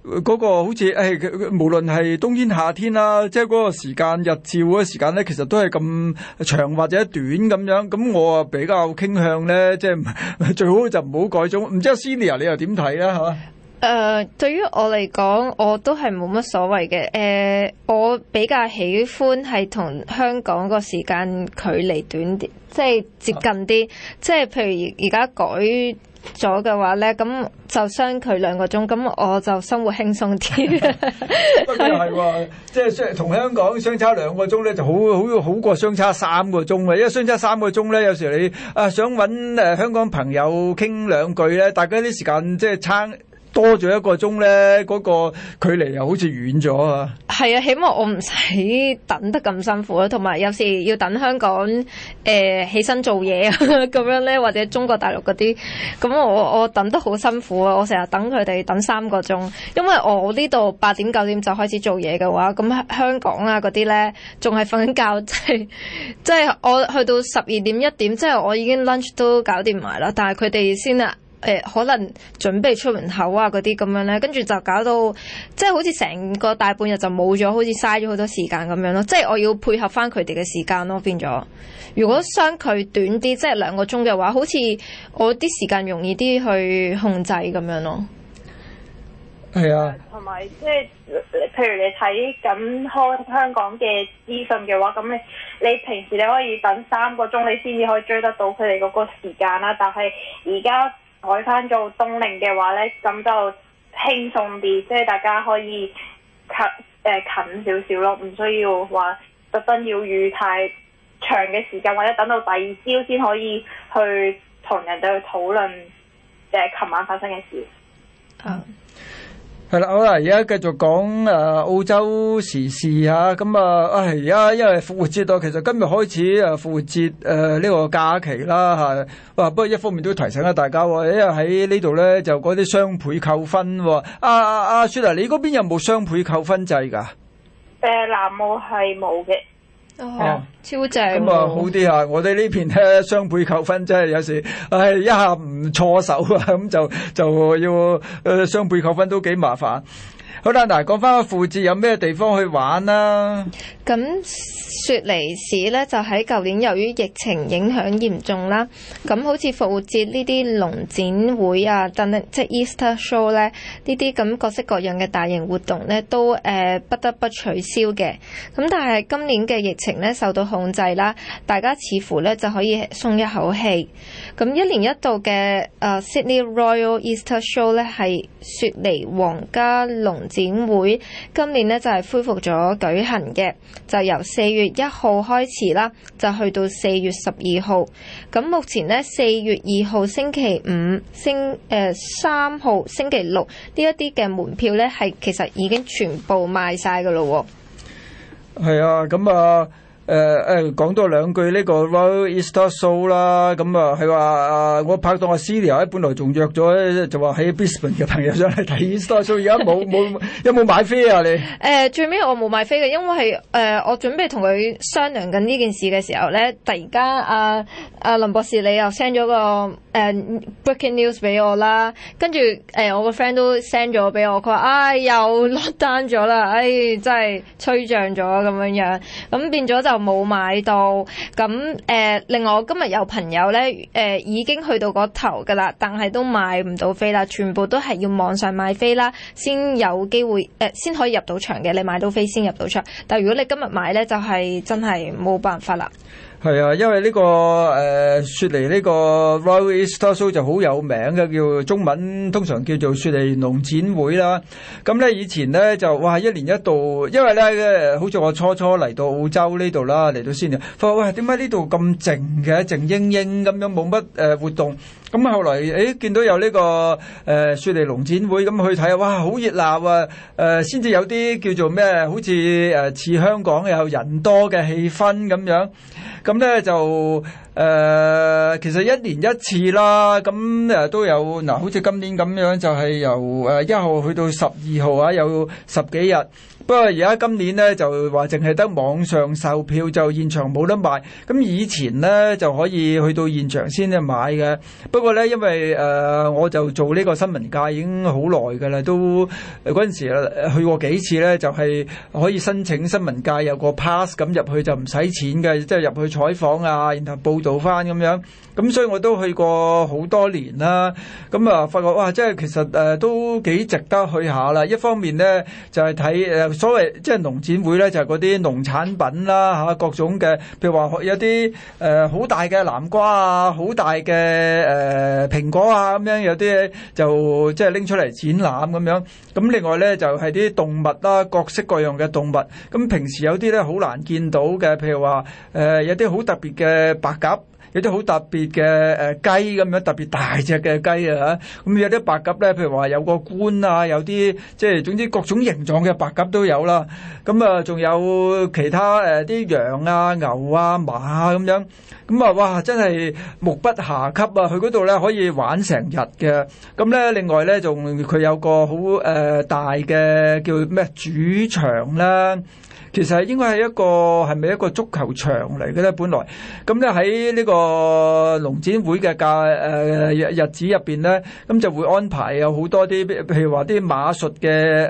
嗰、那個好似誒，無論係冬天夏天啦、啊，即係嗰個時間日照嘅時間咧，其實都係咁長或者短咁樣。咁我啊比較傾向咧，即、就、係、是、最好就唔好改鐘。唔知阿 Senior 你又點睇咧？係嘛？誒、呃，對於我嚟講，我都係冇乜所謂嘅。誒、呃，我比較喜歡係同香港個時間距離短啲，即係接近啲。啊、即係譬如而家改咗嘅話咧，咁就相距兩個鐘，咁我就生活輕鬆啲。不過係喎，即係同香港相差兩個鐘咧，就好好好過相差三個鐘啊。因為相差三個鐘咧，有時你啊想揾香港朋友傾兩句咧，大家啲時間即係差。多咗一個鐘呢，嗰個距離又好似遠咗啊！係啊，起碼我唔使等得咁辛苦啊。同埋有時要等香港誒起身做嘢啊，咁樣呢，或者中國大陸嗰啲，咁我我等得好辛苦啊！我成日等佢哋等三個鐘，因為我呢度八點九點就開始做嘢嘅話，咁香港啊嗰啲呢，仲係瞓緊覺，即係即係我去到十二點一點，即係我已經 lunch 都搞掂埋啦，但係佢哋先啦。誒、欸、可能準備出門口啊嗰啲咁樣咧，跟住就搞到即係好似成個大半日就冇咗，好似嘥咗好多時間咁樣咯。即係我要配合翻佢哋嘅時間咯，變咗。如果相距短啲，即係兩個鐘嘅話，好似我啲時間容易啲去控制咁樣咯。係啊，同埋即係譬如你睇緊開香港嘅資訊嘅話，咁你你平時你可以等三個鐘，你先至可以追得到佢哋嗰個時間啦。但係而家，改翻做冬令嘅話咧，咁就輕鬆啲，即係大家可以近誒近少少咯，唔需要話特登要預太長嘅時間，或者等到第二朝先可以去同人哋去討論誒，琴晚發生嘅事。嗯。 係啦，好啦，而家繼續講誒澳洲時事吓，咁啊，啊而家因為復活節啊，其實今日開始誒復活節誒呢個假期啦吓。哇，不過一方面都提醒下大家喎，因為喺呢度咧就嗰啲雙倍扣分。阿、啊、阿、啊、雪啊，你嗰邊有冇雙倍扣分制噶？誒、呃，南澳係冇嘅。哦，嗯、超正咁啊，嗯、好啲啊！我哋呢邊咧，雙倍扣分真係有時，唉、哎，一下唔錯手啊，咁 就就要誒呃、雙倍扣分都幾麻煩。好啦，嗱，講翻個復活節有咩地方去玩啦、啊？咁雪梨市咧就喺舊年由於疫情影響嚴重啦，咁好似復活節呢啲農展會啊，等等、e，即 Easter Show 咧呢啲咁各式各樣嘅大型活動咧都誒、呃、不得不取消嘅。咁但係今年嘅疫情咧受到控制啦，大家似乎咧就可以鬆一口氣。咁一年一度嘅誒、呃、Sydney Royal Easter Show 咧係雪梨皇家農展會今年咧就係、是、恢復咗舉行嘅，就由四月一號開始啦，就去到四月十二號。咁目前呢，四月二號星期五、星誒三、呃、號星期六呢一啲嘅門票呢，係其實已經全部賣晒噶啦。係啊，咁、嗯、啊。誒誒、uh, uh, 講多兩句呢、這個 Royal Easter Show 啦，咁啊係話啊，uh, 我拍檔阿、啊、Celia，本來仲約咗就話喺 Brisbane 嘅朋友上嚟睇 Royal Easter Show 而家冇冇有冇 買飛啊你 、呃？誒最尾我冇買飛嘅，因為誒、呃、我準備同佢商量緊呢件事嘅時候咧，突然間阿阿、啊啊、林博士你又 send 咗個。誒、啊、breaking news 俾我啦，跟住誒我個 friend 都 send 咗俾我，佢話：唉，又 lock down 咗啦，唉，真係吹漲咗咁樣樣，咁、嗯、變咗就冇買到。咁、嗯、誒，另外我今日有朋友呢誒、呃、已經去到嗰頭噶啦，但係都買唔到飛啦，全部都係要網上買飛啦，先有機會誒，先、呃、可以入到場嘅，你買到飛先入到場。但係如果你今日買呢，就係、是、真係冇辦法啦。係啊，因為呢、這個誒、呃、雪梨呢個 Royal Easter Show 就好有名嘅，叫中文通常叫做雪梨農展會啦。咁咧以前咧就哇一年一度，因為咧好似我初初嚟到澳洲呢度啦，嚟到先嘅，發覺哇點解呢度咁靜嘅，靜英英咁樣冇乜誒活動。咁後來，誒、哎、見到有呢、這個誒、呃、雪梨龍展會咁去睇，哇！好熱鬧啊！誒、呃，先至有啲叫做咩？好似誒似香港有人多嘅氣氛咁樣。咁咧就誒、呃，其實一年一次啦。咁誒都有嗱、呃，好似今年咁樣就係、是、由誒一號去到十二號啊，有十幾日。不過而家今年呢，就話淨係得網上售票，就現場冇得賣。咁以前呢，就可以去到現場先至買嘅。不過呢，因為誒、呃，我就做呢個新聞界已經好耐㗎啦，都嗰陣時去過幾次呢，就係、是、可以申請新聞界有個 pass 咁入去就唔使錢嘅，即係入去採訪啊，然後報導翻咁樣。咁所以我都去過好多年啦。咁啊，發覺哇，即係其實誒、呃、都幾值得去下啦。一方面呢，就係睇誒、呃所謂即係農展會咧，就係嗰啲農產品啦嚇，各種嘅，譬如話有啲誒好大嘅南瓜啊，好大嘅誒、呃、蘋果啊咁樣，有啲就即係拎出嚟展覽咁樣。咁另外咧就係、是、啲動物啦，各式各樣嘅動物。咁平時有啲咧好難見到嘅，譬如話誒、呃、有啲好特別嘅白鴿。有啲好特別嘅誒雞咁樣，特別大隻嘅雞啊嚇，咁有啲白鴿咧，譬如話有個官啊，有啲即係總之各種形狀嘅白鴿都有啦。咁啊，仲有其他誒啲羊啊、牛啊、馬啊咁樣。咁啊，哇！真係目不暇給啊，去嗰度咧可以玩成日嘅。咁咧，另外咧仲佢有個好誒大嘅叫咩主場咧，其實應該係一個係咪一個足球場嚟嘅咧？本來咁咧喺呢個。個農展會嘅假誒日子入邊咧，咁就會安排有好多啲，譬如話啲馬術嘅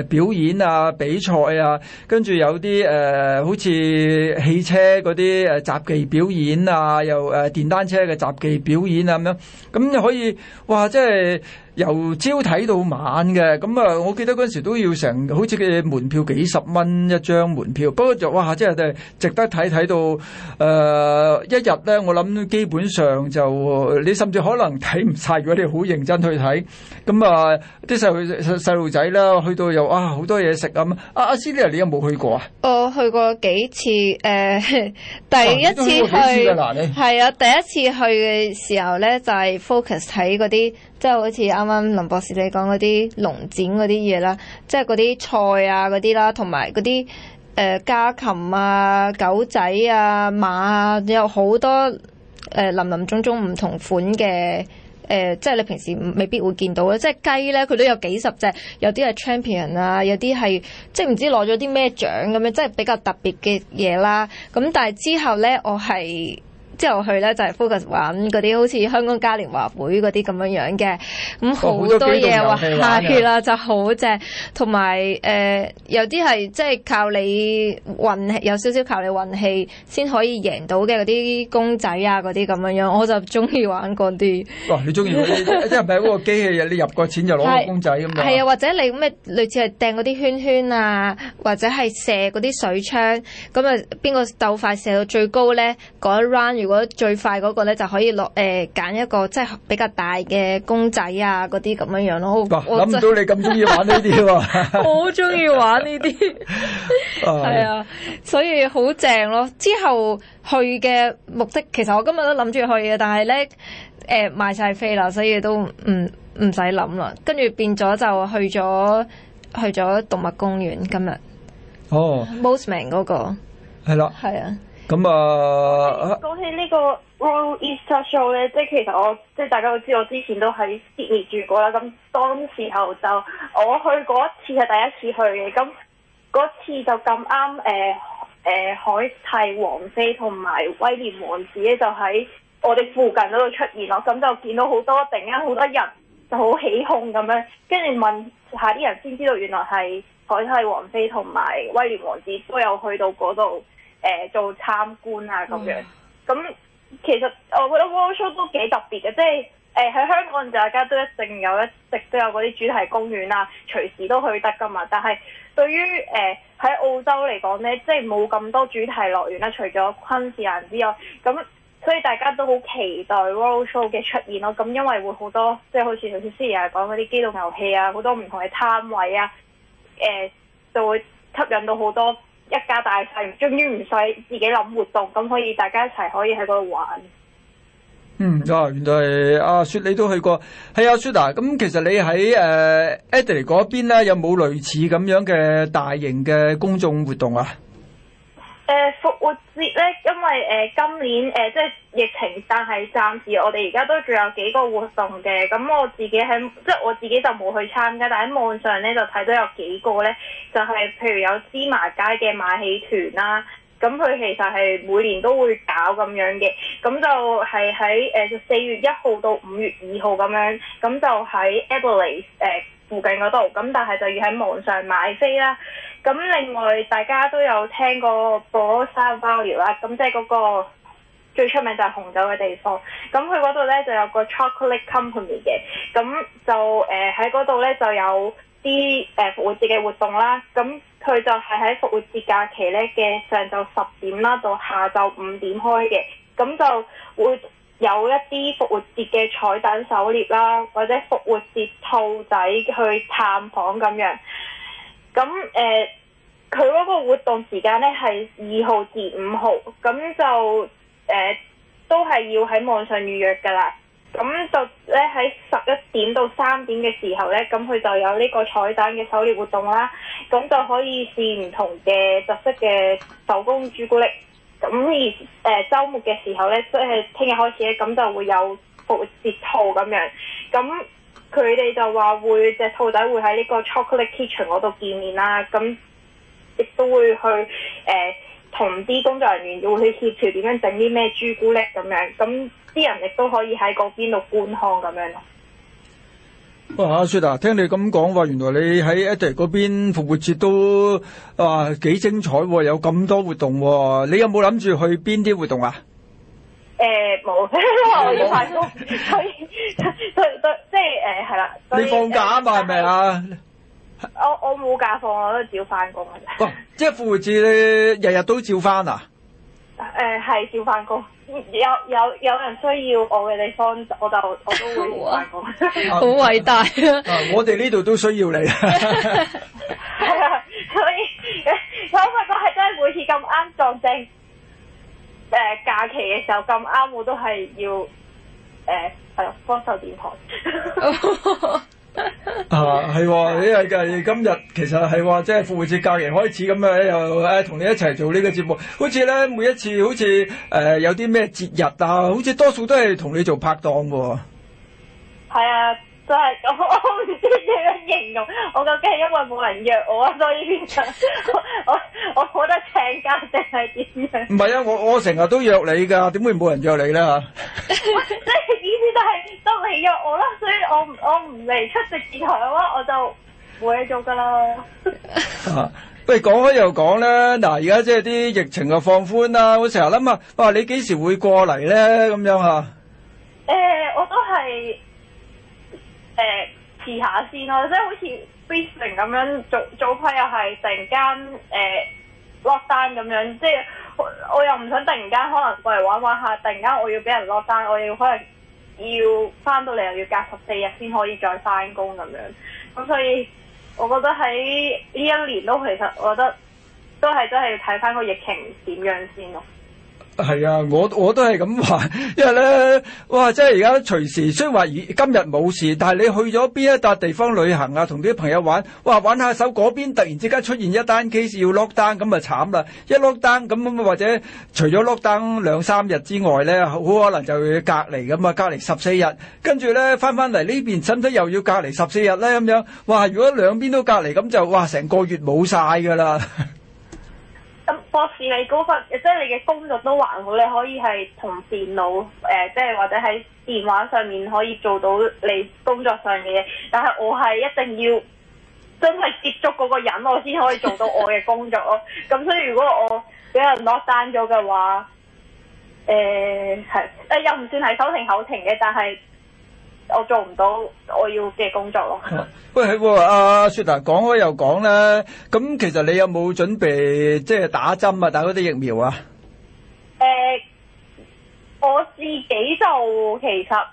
誒表演啊、比賽啊，跟住有啲誒、呃，好似汽車嗰啲誒雜技表演啊，又誒、呃、電單車嘅雜技表演啊咁樣，咁就可以，哇！即係。由朝睇到晚嘅，咁、嗯、啊，我記得嗰陣時都要成，好似佢哋門票幾十蚊一張門票。不過就哇，即係都值得睇睇到，誒、呃，一日咧，我諗基本上就你甚至可能睇唔晒，如果你好認真去睇。咁、嗯、啊，啲細細細路仔啦，去到又啊，好多嘢食咁。啊，阿斯妮你有冇去過啊？我去過幾次，誒、呃，第一次去係啊，第一次去嘅時候咧，就係、是、focus 睇嗰啲。即係好似啱啱林博士你講嗰啲龍展嗰啲嘢啦，即係嗰啲菜啊嗰啲啦，同埋嗰啲誒家禽啊、狗仔啊、馬啊，有好多誒、呃、林林種種唔同款嘅誒、呃，即係你平時未必會見到嘅，即係雞咧，佢都有幾十隻，有啲係 champion 啊，有啲係即係唔知攞咗啲咩獎咁樣，即係比較特別嘅嘢啦。咁但係之後咧，我係。之後去咧就係、是、focus 玩嗰啲好似香港嘉年華會嗰啲咁樣樣嘅。咁、嗯、好、哦、多嘢話下血啦、呃，就好正。同埋誒有啲係即係靠你運氣有少少靠你運氣先可以贏到嘅嗰啲公仔啊嗰啲咁樣樣，我就中意玩嗰啲、哦。你中意嗰啲即係唔係嗰個機器？你入個錢就攞個公仔咁。係 是啊，或者你咩類似係掟嗰啲圈圈啊，或者係射嗰啲水槍咁啊？邊個鬥快射到最高咧？嗰一 round 如果最快嗰個咧，就可以落誒揀、呃、一個即係比較大嘅公仔啊，嗰啲咁樣樣咯。我諗唔哇到你咁中意玩呢啲喎。 我中意玩呢啲，係 啊，啊，所以好正咯。之後去嘅目的其實我今日都諗住去嘅，但係咧誒賣晒飛啦，所以都唔唔使諗啦。跟住變咗就去咗去咗動物公園今日。哦，Mostman 嗰、嗰個係啦，係啊。咁啊，講起呢個 Royal Easter Show 咧，即係其實我即係大家都知，我之前都喺悉尼住過啦。咁當時候就我去過一次，係第一次去嘅。咁嗰次就咁啱，誒、呃、誒、呃，海蒂王妃同埋威廉王子就喺我哋附近嗰度出現咯。咁就見到好多，突然間好多人就好起哄咁樣，跟住問下啲人先知道，原來係海蒂王妃同埋威廉王子都有去到嗰度。誒、呃、做參觀啊咁樣，咁、嗯、其實我覺得 World Show 都幾特別嘅，即係誒喺香港就大家都一定有一直都有嗰啲主題公園啊，隨時都可以去得噶嘛。但係對於誒喺、呃、澳洲嚟講咧，即係冇咁多主題樂園啦、啊，除咗昆士蘭之外，咁所以大家都好期待 World Show 嘅出現咯、啊。咁、嗯、因為會多、就是、好多即係好似頭先詩怡講嗰啲機動遊戲啊，好多唔同嘅攤位啊，誒、呃、就會吸引到好多。一家大細，終於唔使自己諗活動，咁可以大家一齊可以喺嗰度玩。嗯，啊，原來阿、啊、雪，你都去過，係阿、啊、雪嗱、啊。咁、嗯、其實你喺誒 Adelaide 嗰邊咧，有冇類似咁樣嘅大型嘅公眾活動啊？誒、呃、復活節咧，因為誒、呃、今年誒、呃、即係疫情，但係暫時我哋而家都仲有幾個活動嘅。咁我自己喺即係我自己就冇去參加，但喺網上咧就睇到有幾個咧，就係、是、譬如有芝麻街嘅馬戲團啦。咁佢其實係每年都會搞咁樣嘅，咁就係喺誒四月一號到五月二號咁樣，咁就喺 Edinburgh 附近嗰度，咁但係就要喺網上買飛啦。咁另外，大家都有聽過 Barossa Valley 啦，咁即係嗰個最出名就係紅酒嘅地方。咁佢嗰度咧就有個 chocolate company 嘅，咁就誒喺嗰度咧就有啲誒、呃、復活節嘅活動啦。咁佢就係喺復活節假期咧嘅上晝十點啦到下晝五點開嘅，咁就會，有一啲復活節嘅彩蛋狩獵啦，或者復活節兔仔去探訪咁樣，咁誒，佢、呃、嗰個活動時間咧係二號至五號，咁就誒、呃、都係要喺網上預約噶啦，咁就咧喺十一點到三點嘅時候咧，咁佢就有呢個彩蛋嘅狩獵活動啦，咁就可以試唔同嘅特色嘅手工朱古力。咁而、呃、周末嘅時候咧，即係聽日開始咧，咁就會有復活節兔咁樣。咁佢哋就話會隻兔仔會喺呢個 Chocolate Kitchen 嗰度見面啦、啊。咁亦都會去誒同啲工作人員要去協調點樣整啲咩朱古力咁樣。咁啲人亦都可以喺嗰邊度觀看咁樣咯。阿雪啊，聽你咁講，話原來你喺 a d i 嗰邊復活節都啊幾精彩、啊，有咁多活動，你有冇諗住去邊啲活動啊？誒、啊，冇、呃，因為我要翻工， 所以所以即係誒係啦。就是呃、你放假啊嘛，係咪啊？我我冇假放，我都照翻工、啊。即係復活節你日日都照翻啊？誒、呃，係照翻工。有有有人需要我嘅地方，我就我都會好偉好偉大啊！ 我哋呢度都需要你，係 啊，所啊所，所以我發覺係真係每次咁啱撞正誒、呃、假期嘅時候，咁啱我都係要誒係咯幫手點台。 啊，係、哦，因為就今日其實係話即係復活節假期開始咁樣，又誒同你一齊做呢個節目，好似咧每一次好似誒、呃、有啲咩節日啊，好似多數都係同你做拍檔嘅。係啊。 都係咁，我唔知點樣形容。我究竟係因為冇人約我啊，所以我我我冇得請假定係點？唔係啊，我我成日都約你噶，點會冇人約你咧吓？即係意思就係得你約我啦，所以我我唔嚟出席電台嘅話，我就冇嘢做噶啦。啊，不如講開又講啦，嗱，而家即係啲疫情又放寬啦，我成日諗啊，哇，你幾時會過嚟咧？咁樣啊？誒，我都係。誒遲，呃、下先咯，即係好似 Brisbane 咁樣早排又係突然間誒 lockdown 咁樣，即係我又唔想突然間可能過嚟玩玩下，突然間我要俾人 lockdown，我要可能要翻到嚟又要隔十四日先可以再翻工咁樣，咁所以我覺得喺呢一年都其實我覺得都係真係要睇翻個疫情點樣先咯。係啊，我我都係咁話，因為咧，哇，即係而家隨時。雖然話今日冇事，但係你去咗邊一笪地方旅行啊，同啲朋友玩，哇，玩下手嗰邊突然之間出現一單 case 要 lock down，咁啊慘啦，一 lock down 咁，或者除咗 lock down 兩三日之外咧，好可能就要隔離咁啊，隔離十四日，跟住咧翻翻嚟呢邊，使唔使又要隔離十四日咧？咁樣，哇，如果兩邊都隔離咁就哇，成個月冇晒噶啦。 博士你嗰份，即係你嘅工作都還好，你可以係同電腦，誒、呃，即係或者喺電話上面可以做到你工作上嘅嘢。但係我係一定要真係接觸嗰個人，我先可以做到我嘅工作咯。咁 所以如果我俾人落單咗嘅話，誒、呃，係誒又唔算係手停口停嘅，但係。我做唔到我要嘅工作咯。喂，阿雪啊，講開又講啦，咁其實你有冇準備即係打針啊，打嗰啲疫苗啊？誒，我自己就其實誒，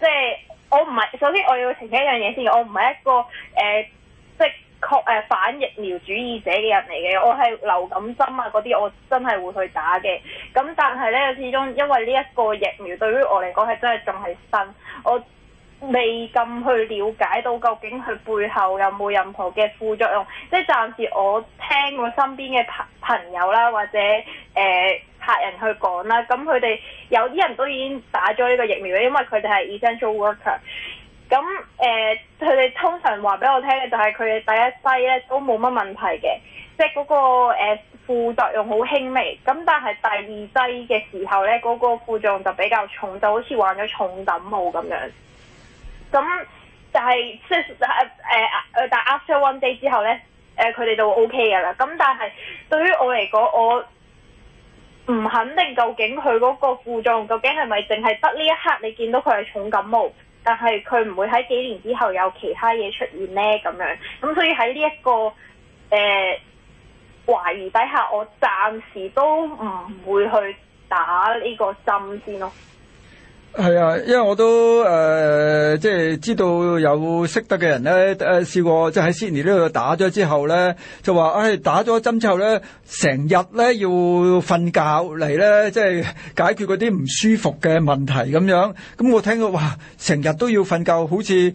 即係我唔係。首先我要澄清一樣嘢先，我唔係一個誒即確誒反疫苗主義者嘅人嚟嘅。我係流感針啊嗰啲，我真係會去打嘅。咁但係咧，始終因為呢一個疫苗對於我嚟講係真係仲係新，我，未咁去了解到究竟佢背後有冇任何嘅副作用，即係暫時我聽我身邊嘅朋朋友啦，或者誒、呃、客人去講啦。咁佢哋有啲人都已經打咗呢個疫苗，因為佢哋係 essential worker、嗯。咁、呃、誒，佢哋通常話俾我聽嘅就係佢哋第一劑咧都冇乜問題嘅，即係、嗰、嗰個誒、呃、副作用好輕微。咁、嗯、但係第二劑嘅時候咧，嗰、嗰個副作用就比較重，就好似患咗重感冒咁樣。咁就係、是，即係誒誒，但 after one day 之後咧，誒佢哋就 OK 噶啦。咁、OK、但係對於我嚟講，我唔肯定究竟佢嗰個副作用究竟係咪淨係得呢一刻你見到佢係重感冒，但係佢唔會喺幾年之後有其他嘢出現咧咁樣。咁所以喺呢一個誒、呃、懷疑底下，我暫時都唔會去打呢個針先咯。係啊，因為我都誒、呃，即係知道有識得嘅人咧，誒、呃、試過即係喺悉尼呢度打咗之後咧，就話誒、哎、打咗針之後咧，成日咧要瞓覺嚟咧，即係解決嗰啲唔舒服嘅問題咁樣。咁我聽到哇，成日都要瞓覺，好似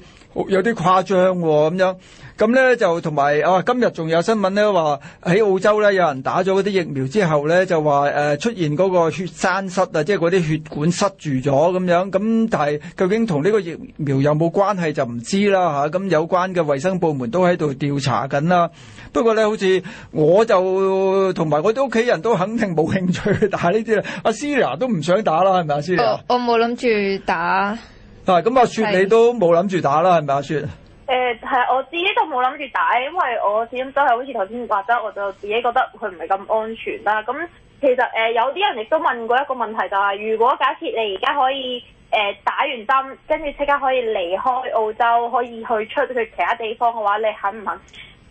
有啲誇張喎、哦、咁樣。咁咧就同埋啊，今日仲有新聞咧話喺澳洲咧有人打咗嗰啲疫苗之後咧就話誒、呃、出現嗰個血栓塞啊，即係嗰啲血管塞住咗咁樣。咁但係究竟同呢個疫苗有冇關係就唔知啦嚇。咁、啊嗯、有關嘅衞生部門都喺度調查緊啦。不過咧，好似我就同埋我啲屋企人都肯定冇興趣打呢啲啦。阿 Cilla 都唔想打啦，係咪啊，Cilla？我冇諗住打。係咁、啊，阿是、啊、雪你都冇諗住打啦，係咪阿雪？誒係、呃，我自己都冇諗住打，因為我始終都係好似頭先話齋，我就自己覺得佢唔係咁安全啦。咁、嗯、其實誒、呃、有啲人亦都問過一個問題，就係、是、如果假設你而家可以誒、呃、打完針，跟住即刻可以離開澳洲，可以去出去其他地方嘅話，你肯唔肯？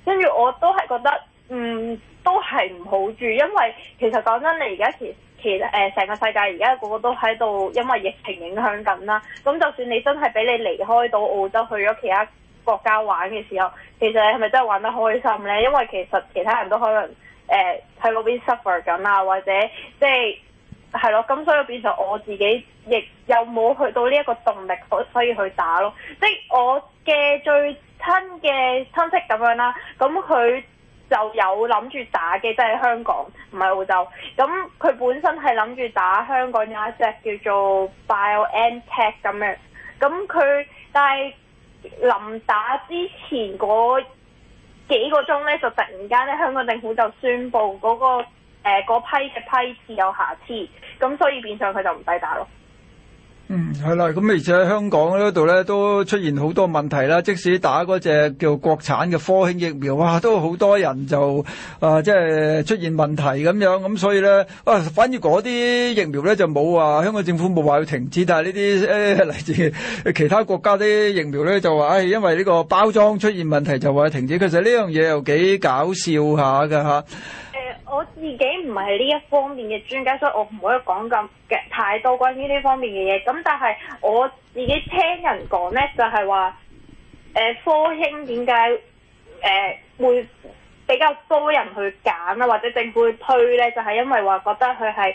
跟住我都係覺得，嗯，都係唔好住，因為其實講真，你而家其其實誒成、呃、個世界而家個個都喺度因為疫情影響緊啦。咁、嗯、就算你真係俾你離開到澳洲去咗其他，國家玩嘅時候，其實你係咪真係玩得開心咧？因為其實其他人都可能誒喺嗰邊 suffer 緊啊，或者即係係咯，咁所以變成我自己亦又冇去到呢一個動力可可以去打咯。即係我嘅最親嘅親戚咁樣啦，咁佢就有諗住打嘅，即係香港，唔係澳洲。咁佢本身係諗住打香港有一隻叫做 BioNTech 咁樣，咁佢但係，臨打之前嗰幾個鐘呢，就突然間呢，香港政府就宣布嗰、嗰個、呃、嗰批嘅批次有瑕疵，咁所以變相佢就唔使打咯。嗯，係啦，咁而且香港嗰度咧，都出現好多問題啦。即使打嗰隻叫國產嘅科興疫苗，哇，都好多人就啊，即係出現問題咁樣。咁、啊、所以咧，啊，反而嗰啲疫苗咧就冇話香港政府冇話要停止，但係呢啲誒嚟自其他國家啲疫苗咧就話，哎，因為呢個包裝出現問題就話要停止。其實呢樣嘢又幾搞笑下噶吓。啊我自己唔係呢一方面嘅專家，所以我唔可以講咁嘅太多關於呢方面嘅嘢。咁但係我自己聽人講呢，就係話，誒、呃、科興點解誒會比較多人去揀啦，或者政府去推呢，就係因為話覺得佢係誒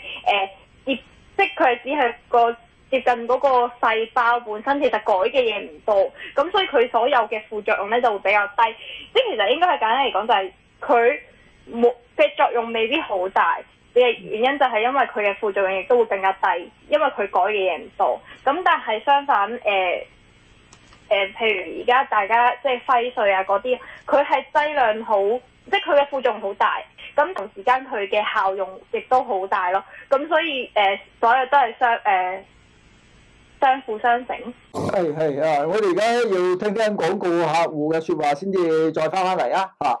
接，即佢係只係個接近嗰個細胞本身，其實改嘅嘢唔多，咁所以佢所有嘅副作用呢就會比較低。即其實應該係簡單嚟講，就係佢。冇嘅作用未必好大嘅原因就係因為佢嘅副作用亦都會更加低，因為佢改嘅嘢唔多。咁但係相反，誒、呃、誒、呃，譬如而家大家即係輝瑞啊嗰啲，佢係劑量好，即係佢嘅副作用好大。咁同時間佢嘅效用亦都好大咯。咁所以誒、呃，所有都係相誒相輔相成。係係啊，我哋而家要聽聽廣告客戶嘅說話先至再翻翻嚟啊吓。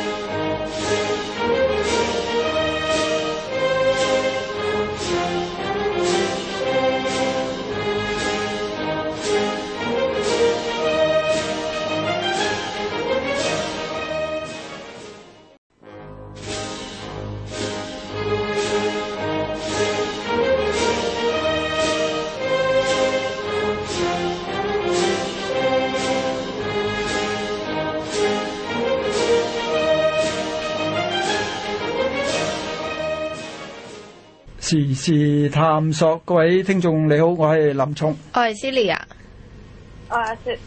時事探索，各位聽眾你好，我係林聰，我係 Silly 啊。我係雪。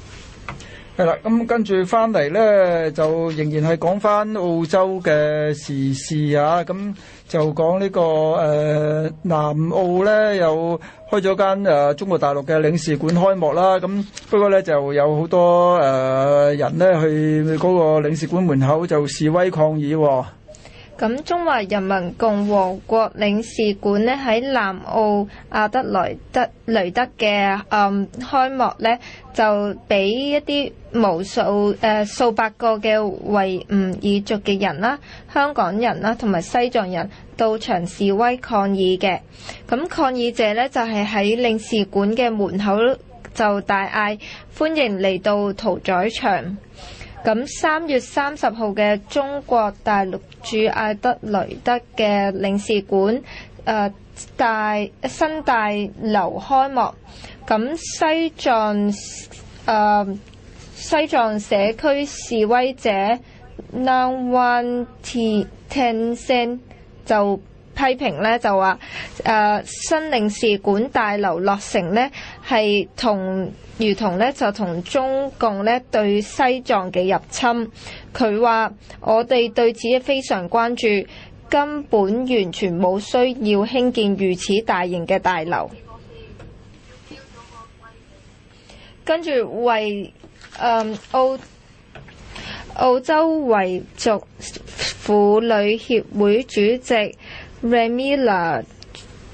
係啦，咁 跟住翻嚟咧，就仍然係講翻澳洲嘅時事啊。咁就講呢、這個誒、呃，南澳咧有開咗間誒中國大陸嘅領事館開幕啦。咁不過咧就有好多誒、呃、人咧去嗰個領事館門口就示威抗議，哦。咁中華人民共和國領事館咧喺南澳阿德萊德雷德嘅、誒、嗯、開幕咧，就俾一啲無數誒數百個嘅維吾爾族嘅人啦、香港人啦同埋西藏人到場示威抗議嘅。咁抗議者咧就係、是、喺領事館嘅門口就大嗌歡迎嚟到屠宰場。咁三月三十號嘅中國大陸駐埃德雷德嘅領事館，誒、呃、大新大樓開幕，咁西藏誒、呃、西藏社區示威者 None One Ten Sen，就。批評咧就話誒、啊、新領事館大樓落成呢係同如同呢就同中共呢對西藏嘅入侵。佢話我哋對此非常關注，根本完全冇需要興建如此大型嘅大樓。跟住為、呃、澳澳洲維族婦女協會主席。Ramila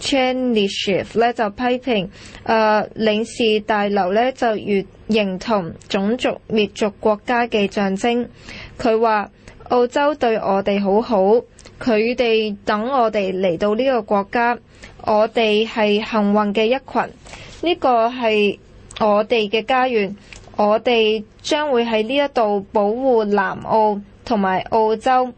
Chenishv 咧就批評誒、呃、領事大樓咧就越認同種族滅族國家嘅象徵。佢話澳洲對我哋好好，佢哋等我哋嚟到呢個國家，我哋係幸運嘅一群。呢、這個係我哋嘅家園，我哋將會喺呢一度保護南澳同埋澳洲。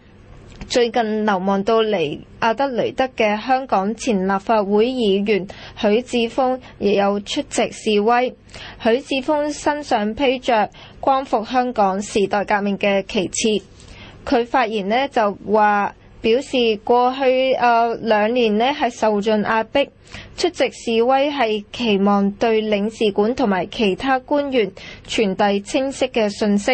最近流亡到嚟阿德雷德嘅香港前立法會議員許智峰，亦有出席示威。許智峰身上披着光復香港時代革命嘅旗幟，佢發言呢就話。表示過去誒、呃、兩年呢係受盡壓迫，出席示威係期望對領事館同埋其他官員傳遞清晰嘅信息。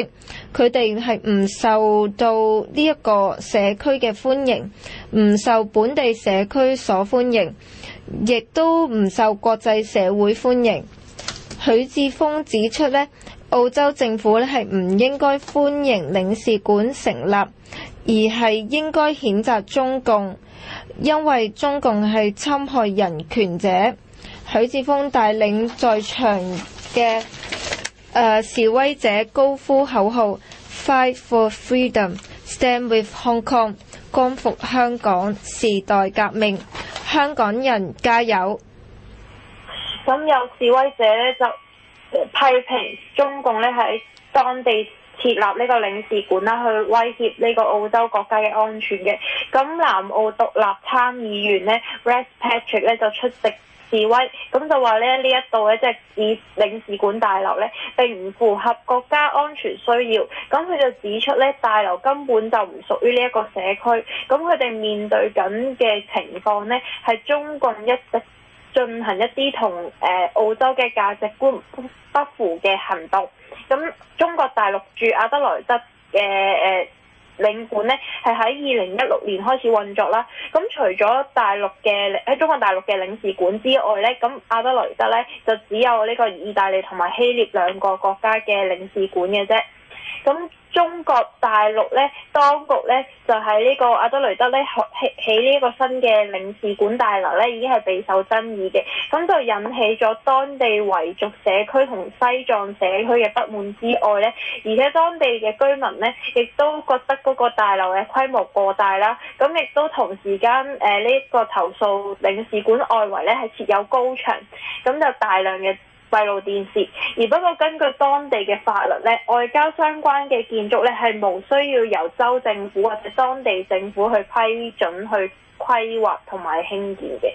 佢哋係唔受到呢一個社區嘅歡迎，唔受本地社區所歡迎，亦都唔受國際社會歡迎。許智峰指出呢，澳洲政府咧係唔應該歡迎領事館成立。而係應該譴責中共，因為中共係侵害人權者。許智峰帶領在場嘅、呃、示威者高呼口號：Fight for freedom, stand with Hong Kong，光復香港，時代革命，香港人加油。咁有示威者呢，就批評中共呢喺當地。設立呢個領事館啦，去威脅呢個澳洲國家嘅安全嘅。咁南澳獨立參議員咧 Rex Patrick 咧就出席示威，咁就話咧呢一度咧即係指領事館大樓咧並唔符合國家安全需要。咁佢就指出咧大樓根本就唔屬於呢一個社區。咁佢哋面對緊嘅情況咧係中共一直。進行一啲同誒澳洲嘅價值觀不符嘅行動。咁中國大陸駐阿德萊德嘅誒領館呢，係喺二零一六年開始運作啦。咁除咗大陸嘅喺中國大陸嘅領事館之外呢，咁阿德萊德呢，就只有呢個意大利同埋希臘兩個國家嘅領事館嘅啫。咁中國大陸咧，當局咧就喺呢個阿德雷德咧，起起呢一個新嘅領事館大樓咧，已經係備受爭議嘅。咁就引起咗當地維族社區同西藏社區嘅不滿之外咧，而且當地嘅居民咧，亦都覺得嗰個大樓嘅規模過大啦。咁亦都同時間，誒呢個投訴領事館外圍咧係設有高牆，咁就大量嘅閉路電視，而不過根據當地嘅法律咧，外交相關嘅建築咧係無需要由州政府或者當地政府去批准，去規劃同埋興建嘅。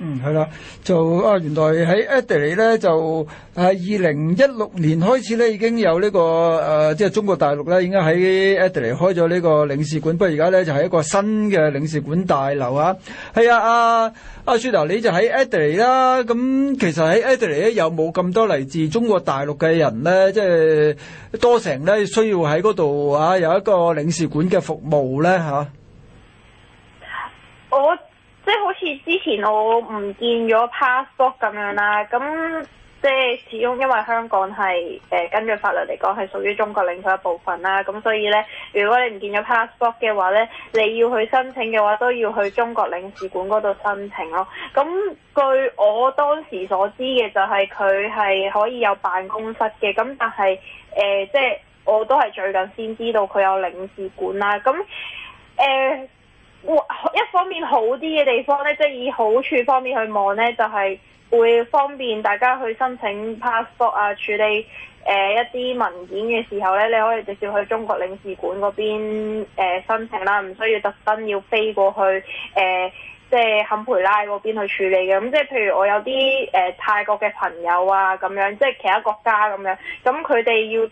嗯，係啦，就啊，原來喺 Adelaide 咧就係二零一六年開始咧已經有呢、這個誒、呃，即係中國大陸咧，已經喺 Adelaide 開咗呢個領事館。不過而家咧就係、是、一個新嘅領事館大樓啊。係啊，阿阿 Shirley，你就喺 Adelaide 啦。咁、嗯、其實喺 Adelaide 有冇咁多嚟自中國大陸嘅人咧？即係多成咧需要喺嗰度啊，有一個領事館嘅服務咧吓。啊、我。即係好似之前我唔見咗 passport 咁樣啦，咁即係始終因為香港係誒、呃、根據法律嚟講係屬於中國領土一部分啦，咁所以咧，如果你唔見咗 passport 嘅話咧，你要去申請嘅話都要去中國領事館嗰度申請咯。咁據我當時所知嘅就係佢係可以有辦公室嘅，咁但係誒、呃、即係我都係最近先知道佢有領事館啦。咁誒。呃哇，一方面好啲嘅地方咧，即係以好處方面去望咧，就係、是、會方便大家去申請 passport 啊，處理誒、呃、一啲文件嘅時候咧，你可以直接去中國領事館嗰邊、呃、申請啦，唔需要特登要飛過去誒、呃、即係坎培拉嗰邊去處理嘅。咁、嗯、即係譬如我有啲誒、呃、泰國嘅朋友啊，咁樣即係其他國家咁樣，咁佢哋要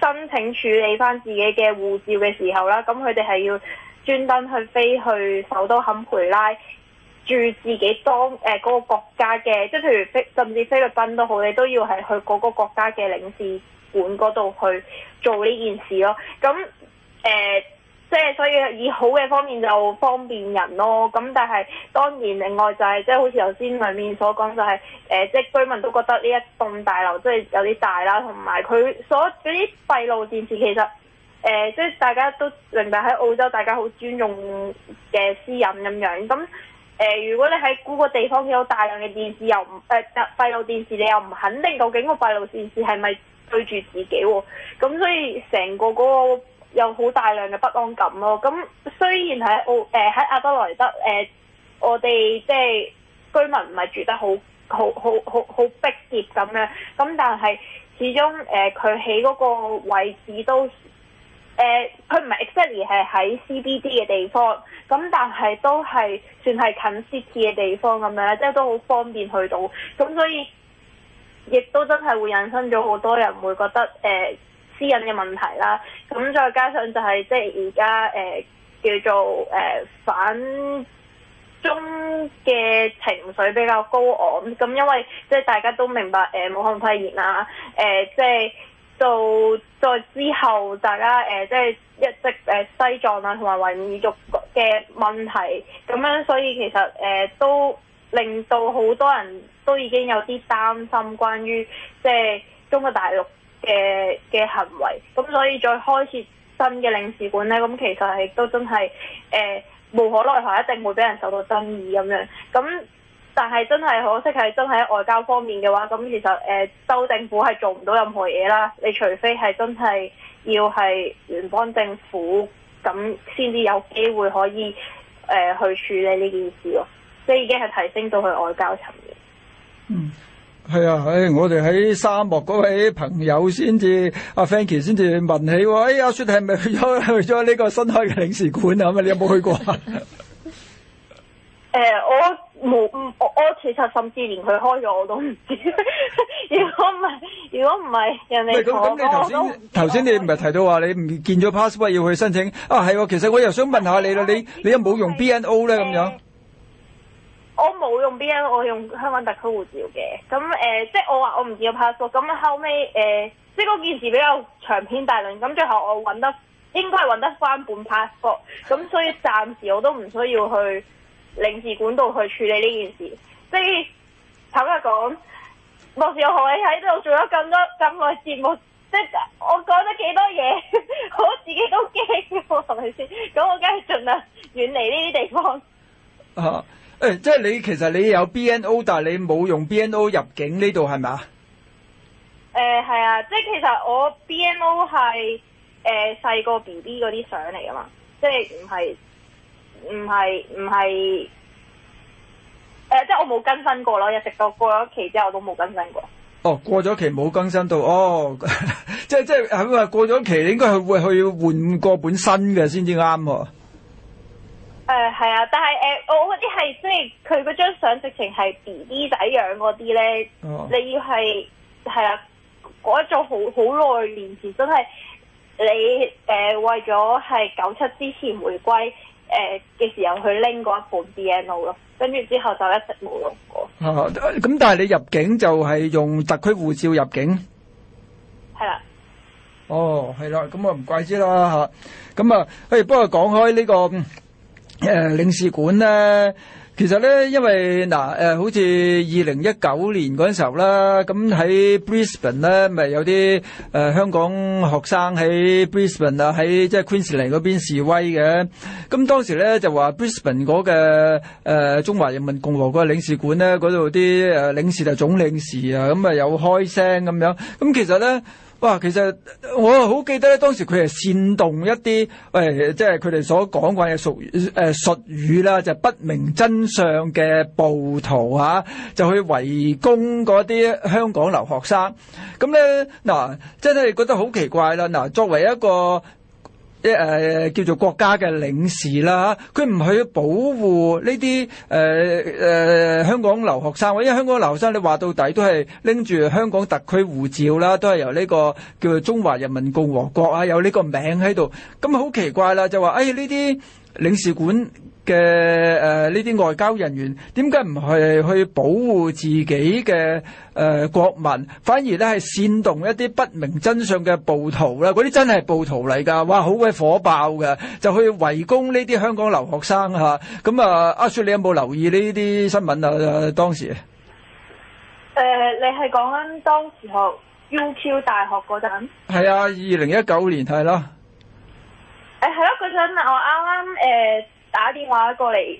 申請處理翻自己嘅護照嘅時候啦，咁佢哋係要。專登去飛去首都堪培拉住自己當誒嗰、呃那個國家嘅，即係譬如菲，甚至菲律賓都好，你都要係去嗰個國家嘅領事館嗰度去做呢件事咯。咁、嗯、誒、呃，即係所以以好嘅方面就方便人咯。咁但係當然另外就係、是、即係好似頭先裏面所講就係、是、誒、呃，即係居民都覺得呢一棟大樓即係有啲大啦，同埋佢所嗰啲閉路電視其實。誒，即係、呃就是、大家都明白喺澳洲，大家好尊重嘅私隱咁樣咁誒、呃呃。如果你喺嗰個地方有大量嘅電視又，又唔誒閉路電視，你又唔肯定究竟個閉路電視係咪對住自己喎、哦？咁、呃、所以成個嗰個有好大量嘅不安感咯。咁、呃、雖然喺澳誒喺、呃、阿德萊德誒、呃，我哋即係居民唔係住得好好好好好逼迫咁樣咁、呃，但係始終誒佢喺嗰個位置都。誒，佢唔係 exactly 係喺 CBD 嘅地方，咁但係都係算係近 city 嘅地方咁樣，即係都好方便去到，咁所以亦都真係會引申咗好多人會覺得誒、呃、私隱嘅問題啦，咁再加上就係、是、即係而家誒叫做誒、呃、反中嘅情緒比較高昂，咁因為即係大家都明白誒、呃、武漢肺炎啦，誒、呃、即係。到再之後，大家誒即係一直誒、呃、西藏啊同埋維吾爾族嘅問題，咁樣所以其實誒、呃、都令到好多人都已經有啲擔心，關於即係、呃、中國大陸嘅嘅行為，咁所以再開設新嘅領事館咧，咁其實係都真係誒、呃、無可奈何，一定會俾人受到爭議咁樣，咁。但係真係可惜，係真喺外交方面嘅話，咁其實誒州政府係做唔到任何嘢啦。你除非係真係要係聯邦政府，咁先至有機會可以誒、呃、去處理呢件事咯。即係已經係提升到去外交層面。嗯，係啊，誒、哎，我哋喺沙漠嗰位朋友先至阿、啊、Fancy 先至問起，哎呀，阿雪係咪去咗去咗呢個新開嘅領事館啊？咁啊，你有冇去過啊？ 誒、呃，我冇，我我其實甚至連佢開咗我都唔知 如，如果唔係，如果唔係人哋講，咁頭先你唔係提到話你唔見咗 p a s s p o r t 要去申請啊？係喎，其實我又想問下你啦的，你你有冇用 B N O 咧？咁樣、呃，我冇用 B N O，我用香港特區護照嘅。咁誒、呃，即係我話我唔見咗 p a s s p o r t。咁後尾誒、呃，即係嗰件事比較長篇大論。咁最後我揾得應該係揾得翻本 p a s s p o r t。咁所以暫時我都唔需要去。領事館度去處理呢件事，即係坦白講，莫少你喺度做咗咁多咁耐節目，即係我講咗幾多嘢， 我自己都驚，係咪先？咁我梗係盡量遠離呢啲地方。誒、啊欸，即係你其實你有 BNO，但係你冇用 BNO 入境呢度係咪？誒，係、呃、啊，即係其實我 BNO 係誒細個 BB 嗰啲相嚟噶嘛，即係唔係。唔係唔係，誒、呃，即係我冇更新過咯，一直到過咗期之後，我都冇更新過。過新過哦，過咗期冇更新到，哦，呵呵即係即係，咁啊，過咗期應該係會去換過本新嘅先至啱。誒，係啊，但係誒，我嗰啲係即係佢嗰張相，直情係 B B 仔樣嗰啲咧，你要係係啊，嗰種好好耐年前，真係你誒、呃、為咗係九七之前回歸。誒嘅時候去拎過一本 BNO 咯，跟住之後就一直冇用過。啊，咁但係你入境就係用特區護照入境，係啦。哦，係啦，咁啊唔怪之啦嚇。咁啊，誒不過講開呢個誒領事館咧。其實咧，因為嗱誒，好似二零一九年嗰陣時候咧，咁喺 Brisbane 咧，咪有啲誒香港學生喺 Brisbane 啊，喺即係 Queensland 嗰邊示威嘅。咁當時咧就話 Brisbane 嗰嘅誒中華人民共和國領事館咧，嗰度啲誒領事就總領事啊，咁咪有開聲咁樣。咁其實咧。哇！其實我好記得咧，當時佢係煽動一啲誒、呃，即係佢哋所講嘅術、呃、術語啦，就係、不明真相嘅暴徒嚇、啊，就去圍攻嗰啲香港留學生。咁咧嗱，真係覺得好奇怪啦！嗱，作為一個即係、呃、叫做國家嘅領事啦，佢唔去保護呢啲誒誒香港留學生，因為香港留學生你話到底都係拎住香港特區護照啦，都係由呢個叫做中華人民共和國啊有呢個名喺度，咁好奇怪啦，就話誒呢啲領事館嘅誒呢啲外交人員點解唔去去保護自己嘅誒、呃、國民，反而咧係煽動一啲不明真相嘅暴徒喇？嗰啲真係暴徒嚟㗎！哇，好鬼火爆㗎，就去圍攻呢啲香港留學生嚇。咁啊，啊，阿雪你有冇留意呢啲新聞啊？當時誒、呃，你係講緊當時候 UQ 大學嗰陣係啊，二零一九年係咯。誒係咯，嗰陣、哎啊、我啱啱誒。呃打電話過嚟，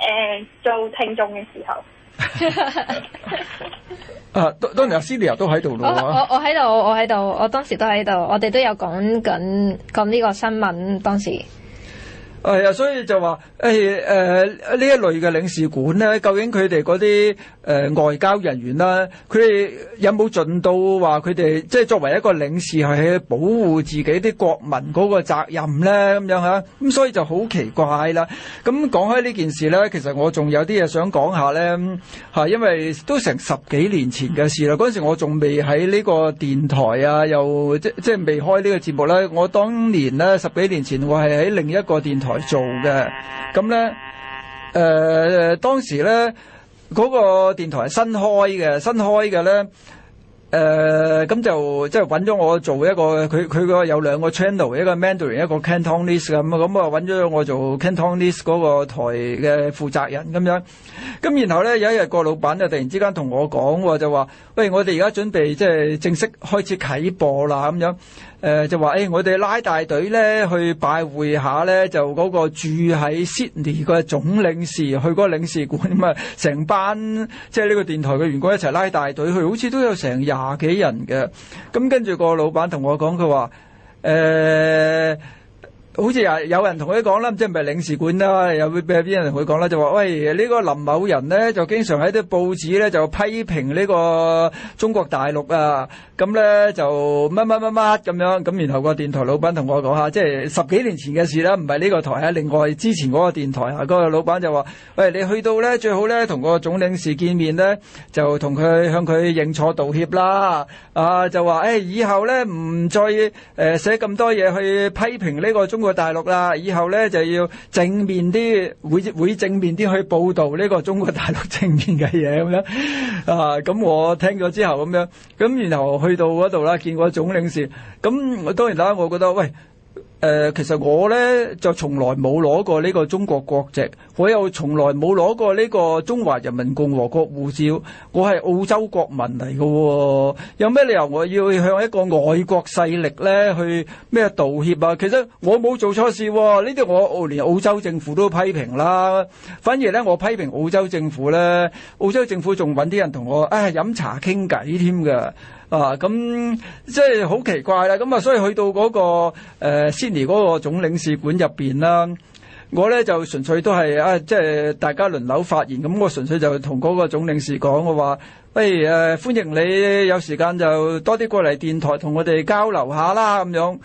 誒做聽眾嘅時候， 啊，當當然阿 Celia 都喺度咯，我我喺度，我喺度，我當時都喺度，我哋都有講緊講呢個新聞當時。係啊，所以就話誒誒呢一類嘅領事館咧，究竟佢哋啲誒外交人員啦，佢哋有冇盡到話佢哋即係作為一個領事係保護自己啲國民嗰個責任咧？咁樣吓，咁所以就好奇怪啦。咁講開呢件事咧，其實我仲有啲嘢想講下咧吓，因為都成十幾年前嘅事啦。陣時我仲未喺呢個電台啊，又即即係未開呢個節目咧。我當年咧十幾年前我係喺另一個電台。做嘅，咁咧，誒、呃、當時咧嗰、那個電台係新開嘅，新開嘅咧，誒、呃、咁就即係揾咗我做一個，佢佢個有兩個 channel，一個 Mandarin，一個 Cantonese 咁啊，咁啊揾咗我做 Cantonese 嗰個台嘅負責人咁樣。咁然後咧有一日個老闆就突然之間同我講就話，喂，我哋而家準備即係正式開始啟播啦咁樣。誒、呃、就話誒、欸，我哋拉大隊咧去拜會下咧，就嗰個住喺 Sydney 嘅總領事，去嗰個領事館咁啊，成班即係呢個電台嘅員工一齊拉大隊去，好似都有成廿幾人嘅。咁、嗯、跟住個老闆同我講，佢話誒、呃好似又有人同佢講啦，即係唔係領事館啦，又會邊啲人同佢講啦？就話喂，呢、這個林某人咧就經常喺啲報紙咧就批評呢個中國大陸啊，咁、嗯、咧就乜乜乜乜咁樣，咁然後個電台老闆同我講下，即係十幾年前嘅事啦，唔係呢個台，啊，另外之前個電台啊。嗰個老闆就話喂，你去到咧最好咧同個總領事見面咧，就同佢向佢認錯道歉啦。啊，就話誒、哎、以後咧唔再誒寫咁多嘢去批評呢個中中國大陸啦，以後咧就要正面啲，會會正面啲去報道呢個中國大陸正面嘅嘢咁樣啊。咁、嗯、我聽咗之後咁樣，咁然後去到嗰度啦，見過總領事。咁我當然啦，我覺得喂。誒、呃，其實我呢，就從來冇攞過呢個中國國籍，我又從來冇攞過呢個中華人民共和國護照，我係澳洲國民嚟㗎喎。有咩理由我要向一個外國勢力呢去咩道歉啊？其實我冇做錯事喎，呢啲我連澳洲政府都批評啦。反而呢，我批評澳洲政府呢，澳洲政府仲揾啲人同我唉，飲茶傾偈添㗎。啊，咁即係好奇怪啦！咁啊，所以去到嗰、那個誒悉尼嗰個總領事館入邊啦，我咧就純粹都係啊，即係大家輪流發言，咁我純粹就同嗰個總領事講，我話不如誒歡迎你有時間就多啲過嚟電台同我哋交流下啦咁樣。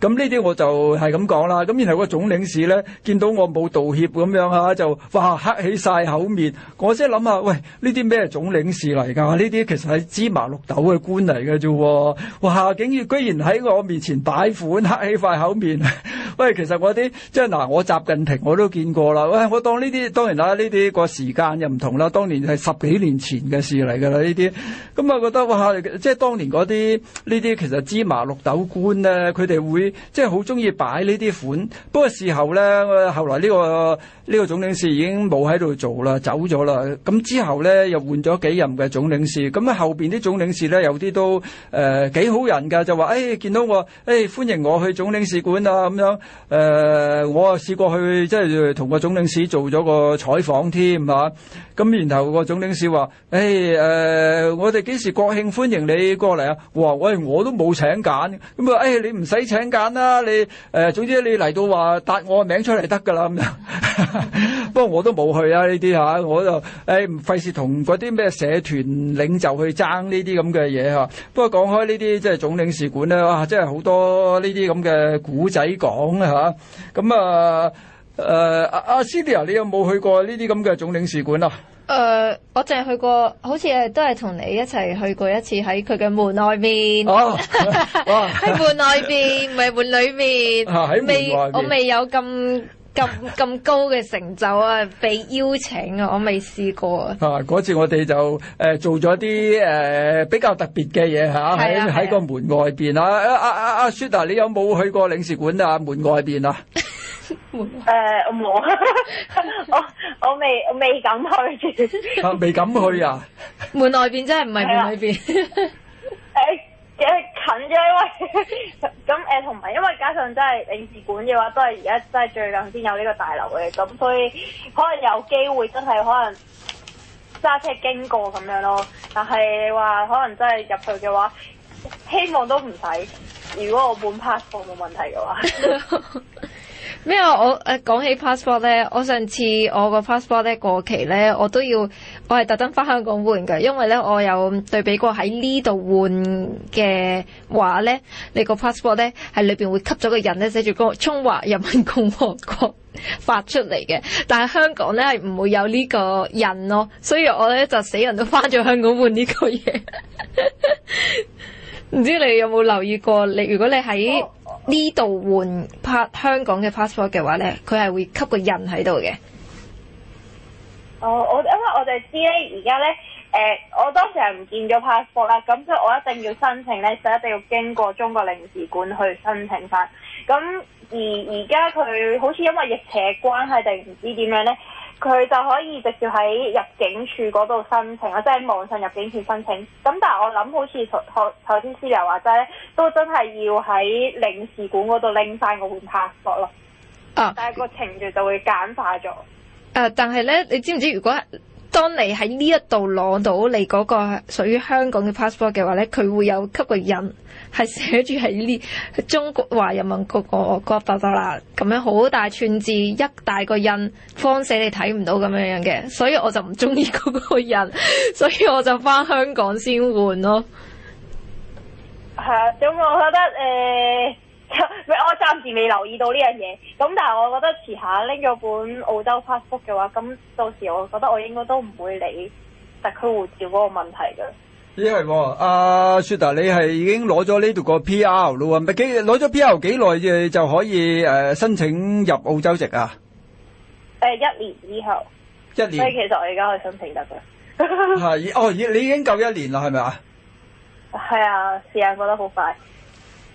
咁呢啲我就係咁講啦。咁然後個總領事咧見到我冇道歉咁樣嚇，就哇黑起晒口面。我先諗下，喂呢啲咩總領事嚟㗎？呢啲其實係芝麻綠豆嘅官嚟㗎啫。哇！竟然居然喺我面前擺款黑起塊口面哈哈。喂，其實我啲即係嗱、呃，我習近平我都見過啦。喂，我當呢啲當然啦，呢啲個時間又唔同啦。當年係十幾年前嘅事嚟㗎啦，呢啲咁啊覺得哇！即係當年嗰啲呢啲其實芝麻綠豆官咧，佢哋會。即係好中意擺呢啲款，不過事後咧，後來呢、這個呢、這個總領事已經冇喺度做啦，走咗啦。咁之後咧又換咗幾任嘅總領事，咁啊後邊啲總領事咧有啲都誒幾、呃、好人噶，就話誒、哎、見到我誒、哎、歡迎我去總領事館啊，咁樣誒、呃、我啊試過去即係同個總領事做咗個採訪添吓。啊咁然後個總領事話：誒誒，我哋幾時國慶歡迎你過嚟啊？我話：喂，我都冇請柬。咁啊，誒，你唔使請柬啦，你誒，總之你嚟到話，答我個名出嚟得㗎啦。咁樣，不過我都冇去啊，呢啲嚇，我就誒，唔費事同嗰啲咩社團領袖去爭呢啲咁嘅嘢嚇。不過講開呢啲即係總領事館咧，哇，真係好多呢啲咁嘅古仔講嚇，咁啊。誒阿阿 Cindy 你有冇去過呢啲咁嘅總領事館啊？誒，uh, 我淨係去過，好似係都係同你一齊去過一次喺佢嘅門外面。哦，喺門外面，唔係門裏面。喺、uh、門外面，我未有咁咁咁高嘅成就啊，被邀請啊，我未試過啊。嗰、uh, 次我哋就誒、呃、做咗啲誒比較特別嘅嘢嚇，喺喺個門外邊啊！阿阿阿 c 你有冇去過領事館啊？門外邊啊？誒、呃，我冇，我我未我未敢去、 啊，未敢去啊！門外邊真係唔係門外邊的，誒、 呃，因近啫，因為咁，誒，同埋因為加上真係領事館嘅話，都係而家真係最近先有呢個大樓嘅，咁所以可能有機會真係可能揸車經過咁樣咯，但係你話可能真係入去嘅話，希望都唔使，如果我本 passport 冇問題嘅話。 咩啊？我誒講起 passport 咧，我上次我個 passport 咧過期咧，我都要我係特登翻香港換嘅，因為咧我有對比過喺呢度換嘅話咧，你、這個 passport 咧喺裏邊會吸咗個人咧寫住個中華人民共和國發出嚟嘅，但係香港咧係唔會有呢個人咯，所以我咧就死人都翻咗香港換呢個嘢。 唔知你有冇留意過？你如果你喺呢度換拍香港嘅 passport 嘅話咧，佢係會吸個印喺度嘅。哦，我因為我哋知咧，而家咧，誒，我當時係唔見咗 passport 啦，咁所以我一定要申請咧，就一定要經過中國領事館去申請翻。咁而而家佢好似因為疫情嘅關係定唔知點樣咧？佢就可以直接喺入境處嗰度申請啊，即係喺網上入境處申請。咁但係我諗好似頭頭頭先司理話齋都真係要喺領事館嗰度拎翻嗰本 passport 咯。啊，但係個程序就會簡化咗。誒、啊，但係咧，你知唔知如果？當你喺呢一度攞到你嗰個屬於香港嘅 passport 嘅話呢，佢會有吸個印，係寫住喺呢中華人民共和國 passport 啦，咁、嗰個、樣好大串字，一大一個印，方寫你睇唔到咁樣樣嘅，所以我就唔中意嗰個印，所以我就返香港先換咯。係、啊，咁我覺得誒。呃 我暫時未留意到呢樣嘢。咁但係，我覺得遲下拎咗本澳洲 passport 嘅話，咁到時我覺得我應該都唔會理，特區護照嗰個問題嘅。因為、欸，阿 Sutter 你係已經攞咗呢度個 PR 咯？唔係幾攞咗 PR 幾耐就可以誒、呃、申請入澳洲籍啊？誒、欸，一年以後。一年。所以其實我而家可以申請得嘅。係、 啊、哦，你你已經夠一年啦，係咪啊？係啊，時間過得好快。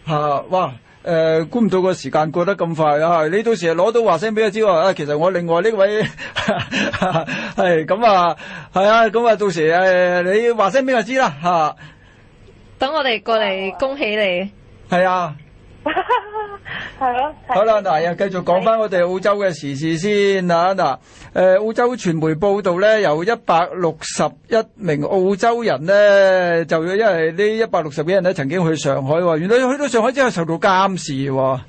啊！哇！誒，估唔、呃、到個時間過得咁快啊！你到時攞到話聲俾我知喎。啊，其實我另外呢位係咁 啊，係啊，咁啊，啊，啊，啊，到時誒、啊，你話聲俾我知啦吓。啊、等我哋過嚟恭喜你。係啊。係咯，好啦，嗱呀，繼續講翻我哋澳洲嘅時事先啊，嗱，誒，澳洲傳媒報道呢，有一百六十一名澳洲人呢，就因為呢一百六十幾人咧，曾經去上海喎，原來去到上海之後受到監視喎。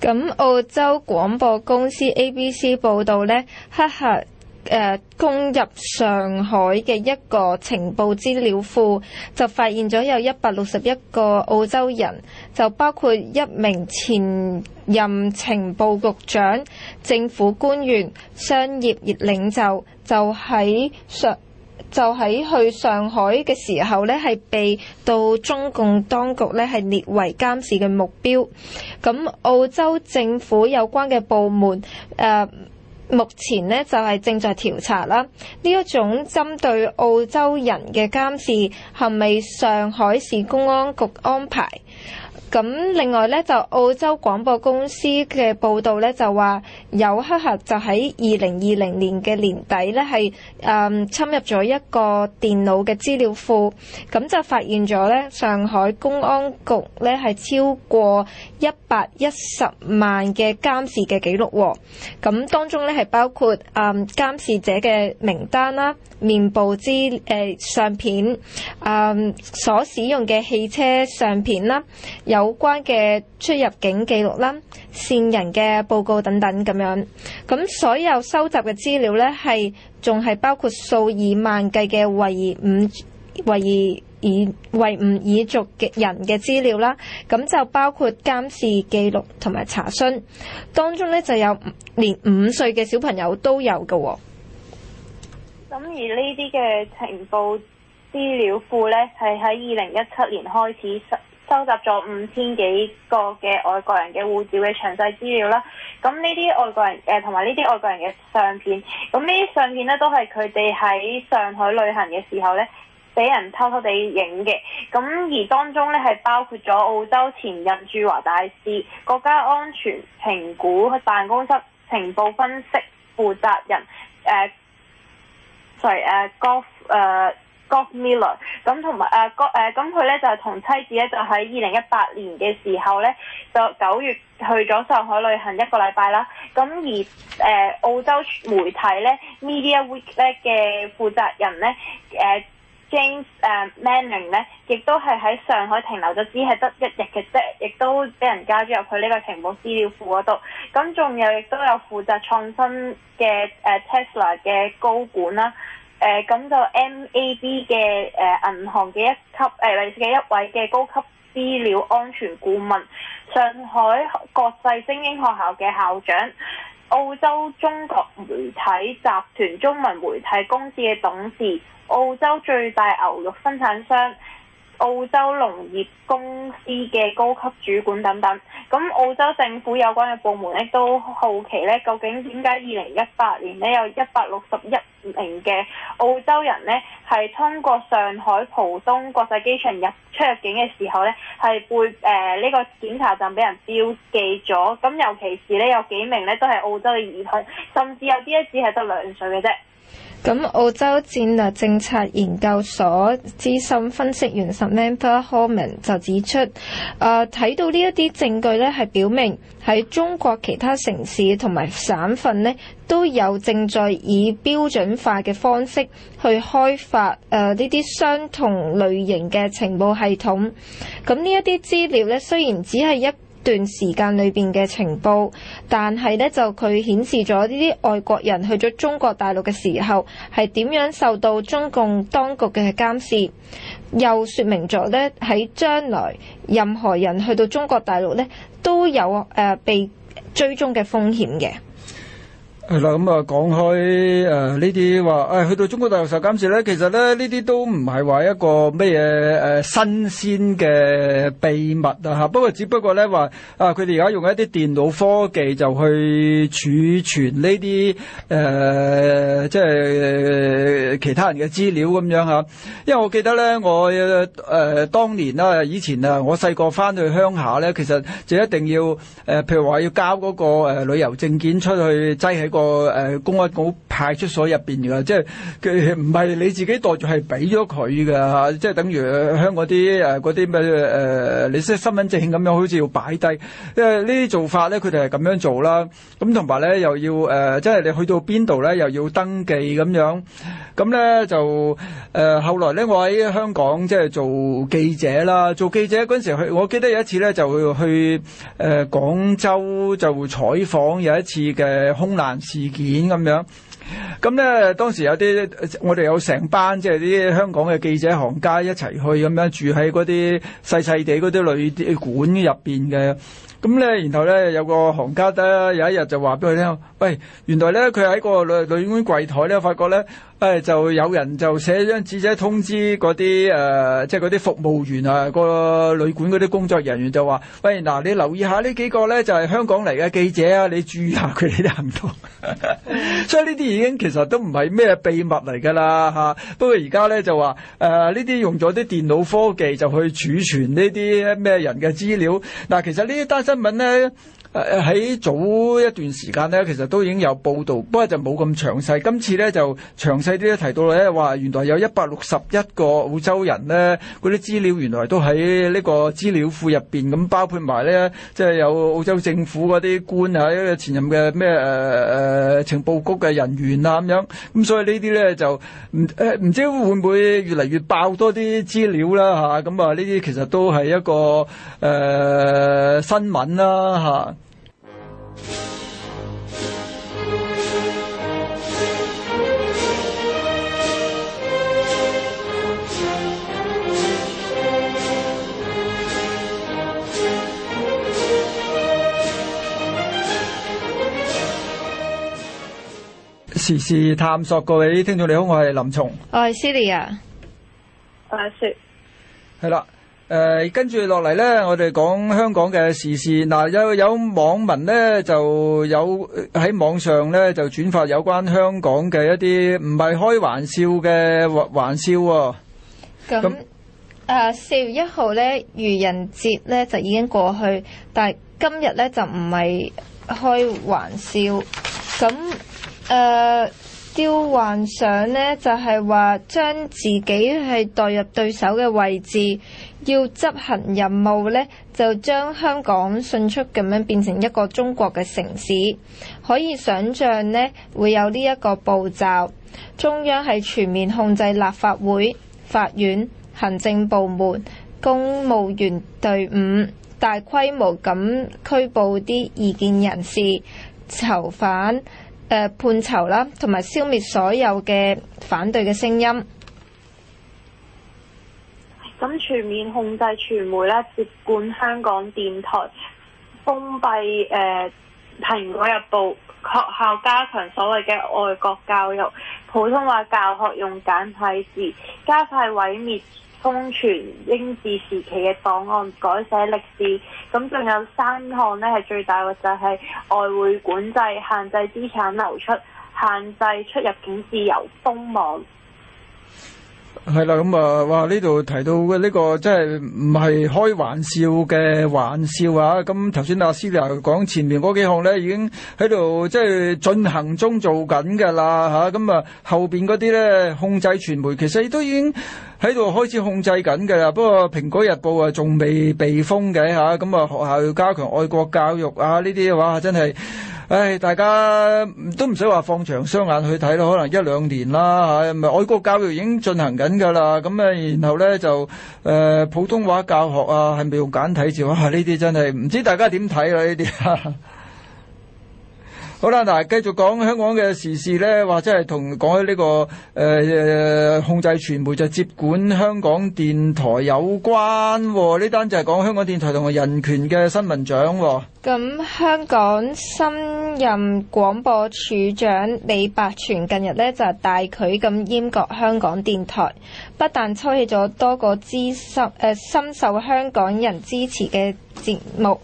咁、啊、澳洲廣播公司 ABC 報道呢，黑客。誒、呃，攻入上海嘅一個情報資料庫，就發現咗有一百六十一個澳洲人，就包括一名前任情報局長、政府官員、商業領袖，就喺上就喺去上海嘅時候咧，係被到中共當局咧，係列為監視嘅目標。咁澳洲政府有關嘅部門誒。呃目前呢，就係、是、正在調查啦，呢一種針對澳洲人嘅監視，係咪上海市公安局安排？咁另外咧，就澳洲廣播公司嘅報道咧，就話有黑客就喺二零二零年嘅年底咧，係誒、嗯、侵入咗一個電腦嘅資料庫，咁就發現咗咧，上海公安局咧係超過一百一十萬嘅監視嘅記錄、哦。咁當中咧係包括誒、嗯、監視者嘅名單啦、面部資誒、呃、相片、誒、嗯、所使用嘅汽車相片啦，有。有關嘅出入境記錄啦、線人嘅報告等等咁樣，咁所有收集嘅資料呢，係仲係包括數以萬計嘅維吾維爾維吾爾族嘅人嘅資料啦，咁就包括監視記錄同埋查詢當中呢就有連五歲嘅小朋友都有㗎、哦。咁而呢啲嘅情報資料庫呢，係喺二零一七年開始收。收集咗五千幾個嘅外國人嘅護照嘅詳細資料啦，咁呢啲外國人誒同埋呢啲外國人嘅相片，咁呢啲相片呢都係佢哋喺上海旅行嘅時候呢俾人偷偷地影嘅，咁而當中呢係包括咗澳洲前任駐華大使、國家安全評估辦公室情報分析負責人誒，sorry Goff Miller 咁同埋誒郭誒咁佢咧就係同妻子咧就喺二零一八年嘅時候咧就九月去咗上海旅行一個禮拜啦，咁而誒、呃、澳洲媒體咧 Media Week 咧嘅負責人咧誒、啊、James 誒、啊、Manning 咧亦都係喺上海停留咗只係得一日嘅啫，亦都俾人加咗入去呢個情報資料庫嗰度，咁仲有亦都有負責創新嘅誒、啊、Tesla 嘅高管啦。誒咁、呃、就 MAB 嘅誒、呃、銀行嘅一級誒類似嘅、呃、一位嘅高級資料安全顧問，上海國際精英學校嘅校長，澳洲中國媒體集團中文媒體公司嘅董事，澳洲最大牛肉生產商，澳洲農業公司嘅高級主管等等，咁澳洲政府有關嘅部門咧都好奇咧，究竟點解二零一八年咧有一百六十一名嘅澳洲人咧係通過上海浦東國際機場入出入境嘅時候咧係背誒呢、呃呢個檢查站俾人標記咗，咁尤其是咧有幾名咧都係澳洲嘅兒童，甚至有啲咧只係得兩歲嘅啫。咁、嗯、澳洲戰略政策研究所資深分析員 Samantha Coleman 就指出，誒、呃、睇到呢一啲證據咧，係表明喺中國其他城市同埋省份咧，都有正在以標準化嘅方式去開發誒呢啲相同類型嘅情報系統。咁呢一啲資料咧，雖然只係一。段時間裏邊嘅情報，但係咧就佢顯示咗呢啲外國人去咗中國大陸嘅時候，係點樣受到中共當局嘅監視，又説明咗咧喺將來任何人去到中國大陸咧都有誒、呃、被追蹤嘅風險嘅。係啦，咁啊講開誒呢啲話，誒、哎、去到中國大陸受監視咧，其實咧呢啲都唔係話一個咩嘢誒新鮮嘅秘密啊吓，不過只不過咧話啊，佢哋而家用一啲電腦科技就去儲存呢啲誒即係其他人嘅資料咁樣吓、啊，因為我記得咧我誒、呃、當年啊以前啊，我細個翻去鄉下咧，其實就一定要誒、呃，譬如話要交、嗰個誒、呃、旅遊證件出去，擠喺個。個誒、呃，公安局派出所入邊嘅，即係佢唔係你自己袋住，係俾咗佢嘅，即係等於香港啲誒，嗰啲咩誒，你即係身份證咁樣，好似要擺低，因為呢啲做法咧，佢哋係咁樣做啦。咁同埋咧，又要誒、呃，即係你去到邊度咧，又要登記咁樣。咁、嗯、咧就誒、呃，後來咧，我喺香港即係做記者啦，做記者嗰陣時去，去我記得有一次咧，就去誒廣、呃、州就採訪，有一次嘅空難。事件咁樣，咁咧當時有啲我哋有成班即係啲香港嘅記者行家一齊去咁樣住喺嗰啲細細地嗰啲旅館入邊嘅，咁咧然後咧有個行家得有一日就話俾佢聽，喂，原來咧佢喺個旅館櫃枱咧發覺咧。誒、哎、就有人就寫張紙仔通知嗰啲誒，即係啲服務員啊，個旅館嗰啲工作人員就話，喂、呃，嗱、呃呃，你留意下呢幾個咧，就係、是、香港嚟嘅記者啊，你注意下佢哋啲行動。 所以呢啲已經其實都唔係咩秘密嚟㗎啦嚇。不過而家咧就話，誒呢啲用咗啲電腦科技就去儲存呢啲咩人嘅資料。嗱、呃，其實呢單新聞咧。喺、啊、早一段時間咧，其實都已經有報道，不過就冇咁詳細。今次咧就詳細啲咧提到咧，話原來有一百六十一個澳洲人咧，嗰啲資料原來都喺呢個資料庫入邊，咁包括埋咧，即、就、係、是、有澳洲政府嗰啲官啊，前任嘅咩誒誒情報局嘅人員啊咁樣。咁所以呢啲咧就唔誒唔知會唔會越嚟越爆多啲資料啦嚇。咁啊，呢啲其實都係一個誒、呃、新聞啦、啊、嚇。啊。時事探索，各位聽眾你好，我係林松，我係 Celia，阿雪，係啦。誒、呃、跟住落嚟呢，我哋講香港嘅時事嗱、呃，有有網民呢，就有喺網上呢，就轉發有關香港嘅一啲唔係開玩笑嘅玩笑喎。咁誒，四月一號呢，愚人節呢，就已經過去，但係今日呢，就唔係開玩笑咁誒。丟、嗯呃、幻想呢，就係話將自己係代入對手嘅位置。要執行任務呢，就將香港迅速咁樣變成一個中國嘅城市。可以想像呢，會有呢一個步驟。中央係全面控制立法會、法院、行政部門、公務員隊伍，大規模咁拘捕啲異見人士、囚犯、誒、呃、判囚啦，同埋消滅所有嘅反對嘅聲音。咁全面控制傳媒咧，接管香港電台，封閉誒《呃、蘋果日報》，學校加強所謂嘅外國教育，普通話教學用簡體字，加快毀滅封存英治時期嘅檔案，改寫歷史。咁仲有三項咧，係最大嘅就係外匯管制、限制資產流出、限制出入境自由、封網。係啦，咁啊，哇！呢度提到呢、呢個真係唔係開玩笑嘅玩笑啊，咁頭先阿 Sir 又講前面嗰幾項咧，已經喺度即係進行中做緊㗎啦吓，咁啊後邊嗰啲咧，控制傳媒，其實都已經喺度開始控制緊㗎啦。不過《蘋果日報》啊，仲未被封嘅吓，咁啊學校要加強愛國教育啊，呢啲嘅話真係。唉、哎，大家都唔使話放長雙眼去睇咯，可能一兩年啦嚇，咪愛國教育已經進行緊㗎啦，咁啊，然後咧就誒、呃、普通話教學啊，係咪用簡體字？哇，呢啲真係唔知大家點睇啦，呢啲。好啦，嗱，繼續講香港嘅時事咧，或者係同講起呢、這個誒、呃、控制傳媒就接管香港電台有關，呢、哦、單就係講香港電台同埋人權嘅新聞獎，咁、哦、香港新任廣播處長李百全近日咧就大舉咁閹割香港電台，不但抽起咗多個資深誒深受香港人支持嘅節目。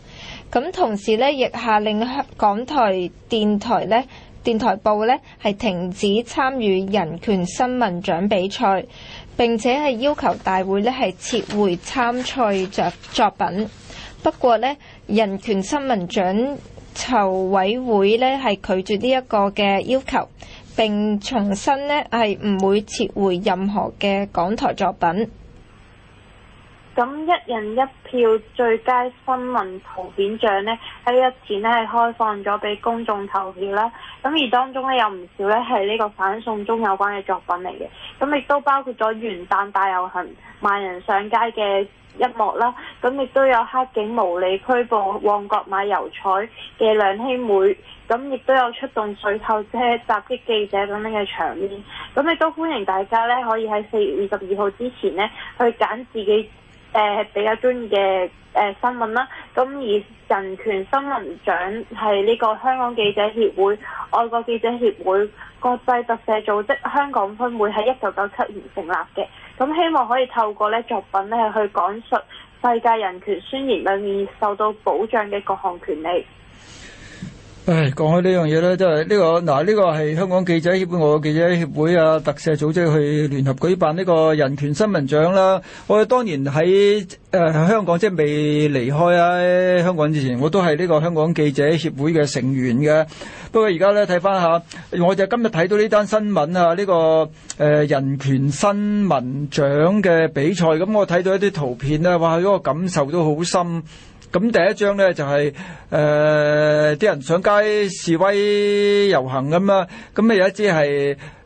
咁同時咧，亦下令港台電台咧、電台部咧係停止參與人權新聞獎比賽，並且係要求大會咧係撤回參賽作作品。不過咧，人權新聞獎籌委會咧係拒絕呢一個嘅要求，並重申咧係唔會撤回任何嘅港台作品。咁一人一票最佳新聞圖片獎呢，喺日前呢，係開放咗俾公眾投票啦，咁而當中呢，有唔少呢，係呢個反送中有關嘅作品嚟嘅，咁亦都包括咗元旦大遊行萬人上街嘅一幕啦，咁亦都有黑警無理拘捕旺角買油彩嘅兩兄妹，咁亦都有出動水炮車襲擊記者等等嘅場面，咁亦都歡迎大家呢，可以喺四月二十二號之前呢，去揀自己，誒比較中意嘅誒新聞啦。咁而人權新聞獎係呢個香港記者協會、外國記者協會、國際特赦組織香港分會喺一九九七年成立嘅，咁希望可以透過咧作品咧去講述世界人權宣言入面受到保障嘅各項權利。唉，講開呢樣嘢咧，即係呢個嗱，呢、呢個係香港記者協會、我記者協會啊，特赦組織去聯合舉辦呢個人權新聞獎啦。我哋當年喺誒、呃、香港，即係未離開喺、啊、香港之前，我都係呢個香港記者協會嘅成員嘅。不過而家咧，睇翻下，我就今日睇到呢單新聞啊，呢、呢個誒、呃、人權新聞獎嘅比賽，咁我睇到一啲圖片咧，哇，嗰個感受都好深。咁第一張咧就係誒啲人上街示威遊行咁啦，咁咧有一支係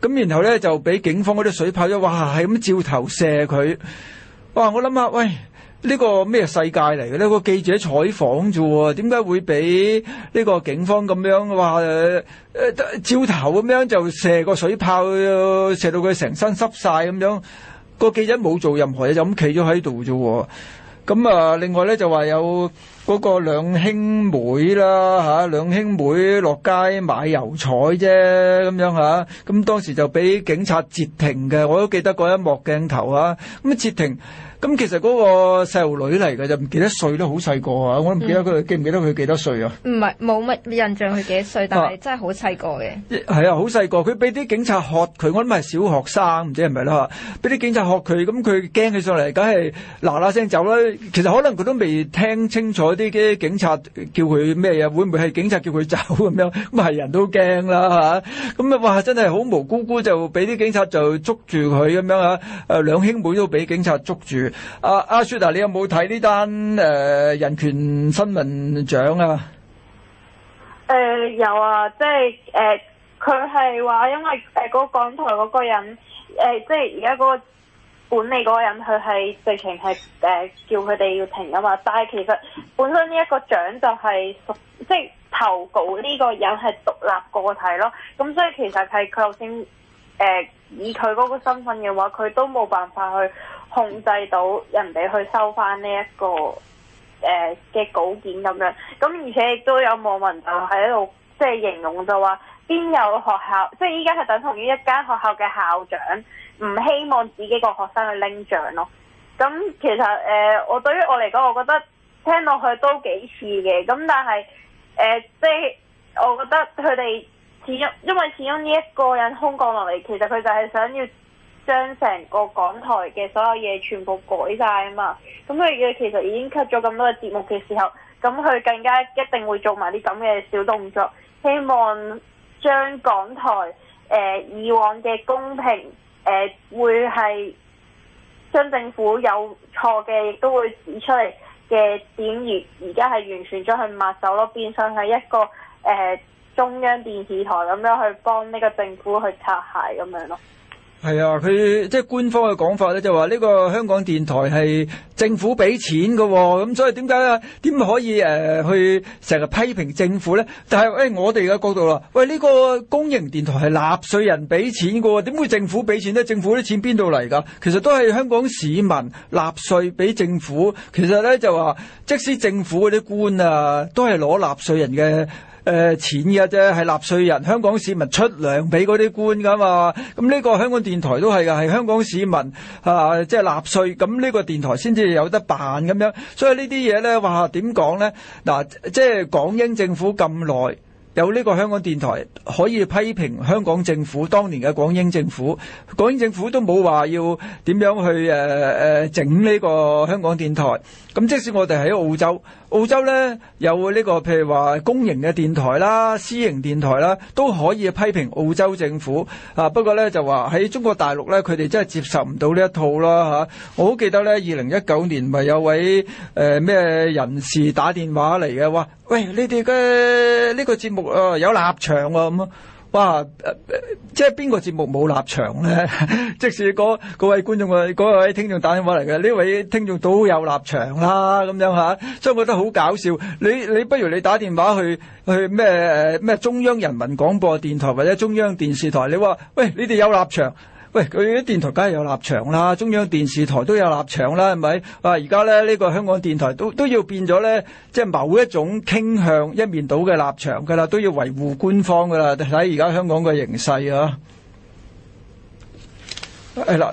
咁然後咧就俾警方嗰啲水炮咗，哇係咁照頭射佢，哇我諗下喂呢、呢個咩世界嚟嘅呢？個記者採訪啫，點解會俾呢個警方咁樣？哇，呃呃、照頭咁樣就射個水炮，呃、射到佢成身濕晒咁樣。個記者冇做任何嘢，就咁企咗喺度啫。咁啊、呃，另外咧就話有。嗰個兩兄妹啦嚇，兩、啊、兄妹落街買油彩啫咁樣嚇，咁、啊啊啊、當時就俾警察截停嘅，我都記得嗰一幕鏡頭啊，咁截停。咁其實嗰個細路女嚟嘅就唔記得歲都好細個啊！我都唔記得佢記唔記得佢幾多歲啊？唔係冇乜印象佢幾多歲，但係真係好細個嘅。係啊，好細個，佢俾啲警察嚇佢，我諗係小學生唔知係咪啦嚇。俾啲警察嚇佢，咁佢驚起上嚟，梗係嗱嗱聲走啦。其實可能佢都未聽清楚啲啲警察叫佢咩嘢，會唔會係警察叫佢走咁樣？咁係人都驚啦嚇。咁啊哇，真係好無辜辜就俾啲警察就捉住佢咁樣嚇。誒兩兄妹都俾警察捉住。啊、阿阿舒啊，你有冇睇呢單誒、呃、人權新聞獎啊？誒、呃、有啊，即係誒佢係話，因為誒嗰港台嗰個人誒即係而家嗰個管理嗰個人，佢係直情係誒叫佢哋要停㗎嘛。但係其實本身呢一個獎就係屬即係投稿呢個人係獨立個體咯，咁所以其實係佢頭先誒以佢嗰個身份嘅話，佢都冇辦法去。控制到人哋去收翻呢一個誒嘅、呃、稿件咁樣，咁而且亦都有網民就喺度即係形容就話，邊有學校即係依家係等同於一間學校嘅校長唔希望自己個學生去拎獎咯。咁其實誒、呃，我對於我嚟講，我覺得聽落去都幾似嘅。咁但係誒，即、呃、係、就是、我覺得佢哋始終因為始終呢一個人空降落嚟，其實佢就係想要。將成個港台嘅所有嘢全部改晒啊嘛，咁佢其實已經 cut 咗咁多嘅節目嘅時候，咁佢更加一定會做埋啲咁嘅小動作，希望將港台誒、呃、以往嘅公平誒、呃、會係將政府有錯嘅亦都會指出嚟嘅點，而而家係完全將佢抹走咯，變相係一個誒、呃、中央電視台咁樣去幫呢個政府去擦鞋咁樣咯。係啊，佢即係官方嘅講法咧，就話、是、呢個香港電台係政府俾錢嘅、哦，咁所以點解咧？點可以誒、呃、去成日批評政府咧？但係誒、哎，我哋嘅角度啦，喂，呢、這個公營電台係納稅人俾錢嘅，點會政府俾錢呢？政府啲錢邊度嚟㗎？其實都係香港市民納稅俾政府，其實咧就話，即使政府嗰啲官啊，都係攞納稅人嘅。誒錢嘅啫，係、呃、納稅人，香港市民出糧俾嗰啲官㗎嘛。咁、嗯、呢、這個香港電台都係㗎，係香港市民啊，即係納稅。咁、嗯、呢、這個電台先至有得辦咁樣。所以呢啲嘢呢，話點講呢？嗱、呃，即係港英政府咁耐，有呢個香港電台可以批評香港政府當年嘅港英政府。港英政府都冇話要點樣去誒誒、呃、整呢個香港電台。咁、嗯、即使我哋喺澳洲。澳洲咧，有呢、這個譬如話公營嘅電台啦、私營電台啦，都可以批評澳洲政府啊。不過咧，就話喺中國大陸咧，佢哋真係接受唔到呢一套啦嚇、啊。我好記得咧，二零一九年咪有位誒咩、呃、人士打電話嚟嘅，話喂，你哋嘅呢個節目啊、呃、有立場啊咁啊。哇！呃、即係邊個節目冇立場咧？ 即係嗰位觀眾啊，嗰位聽眾打電話嚟嘅，呢位聽眾都有立場啦，咁樣吓、啊，所以我覺得好搞笑。你你不如你打電話去去咩咩中央人民廣播電台或者中央電視台，你話喂，你哋有立場。喂，佢啲電台梗係有立場啦，中央電視台都有立場啦，係咪？啊，而家咧呢個香港電台都都要變咗咧，即係某一種傾向一面倒嘅立場噶啦，都要維護官方噶啦。睇而家香港嘅形勢啊，係啦。.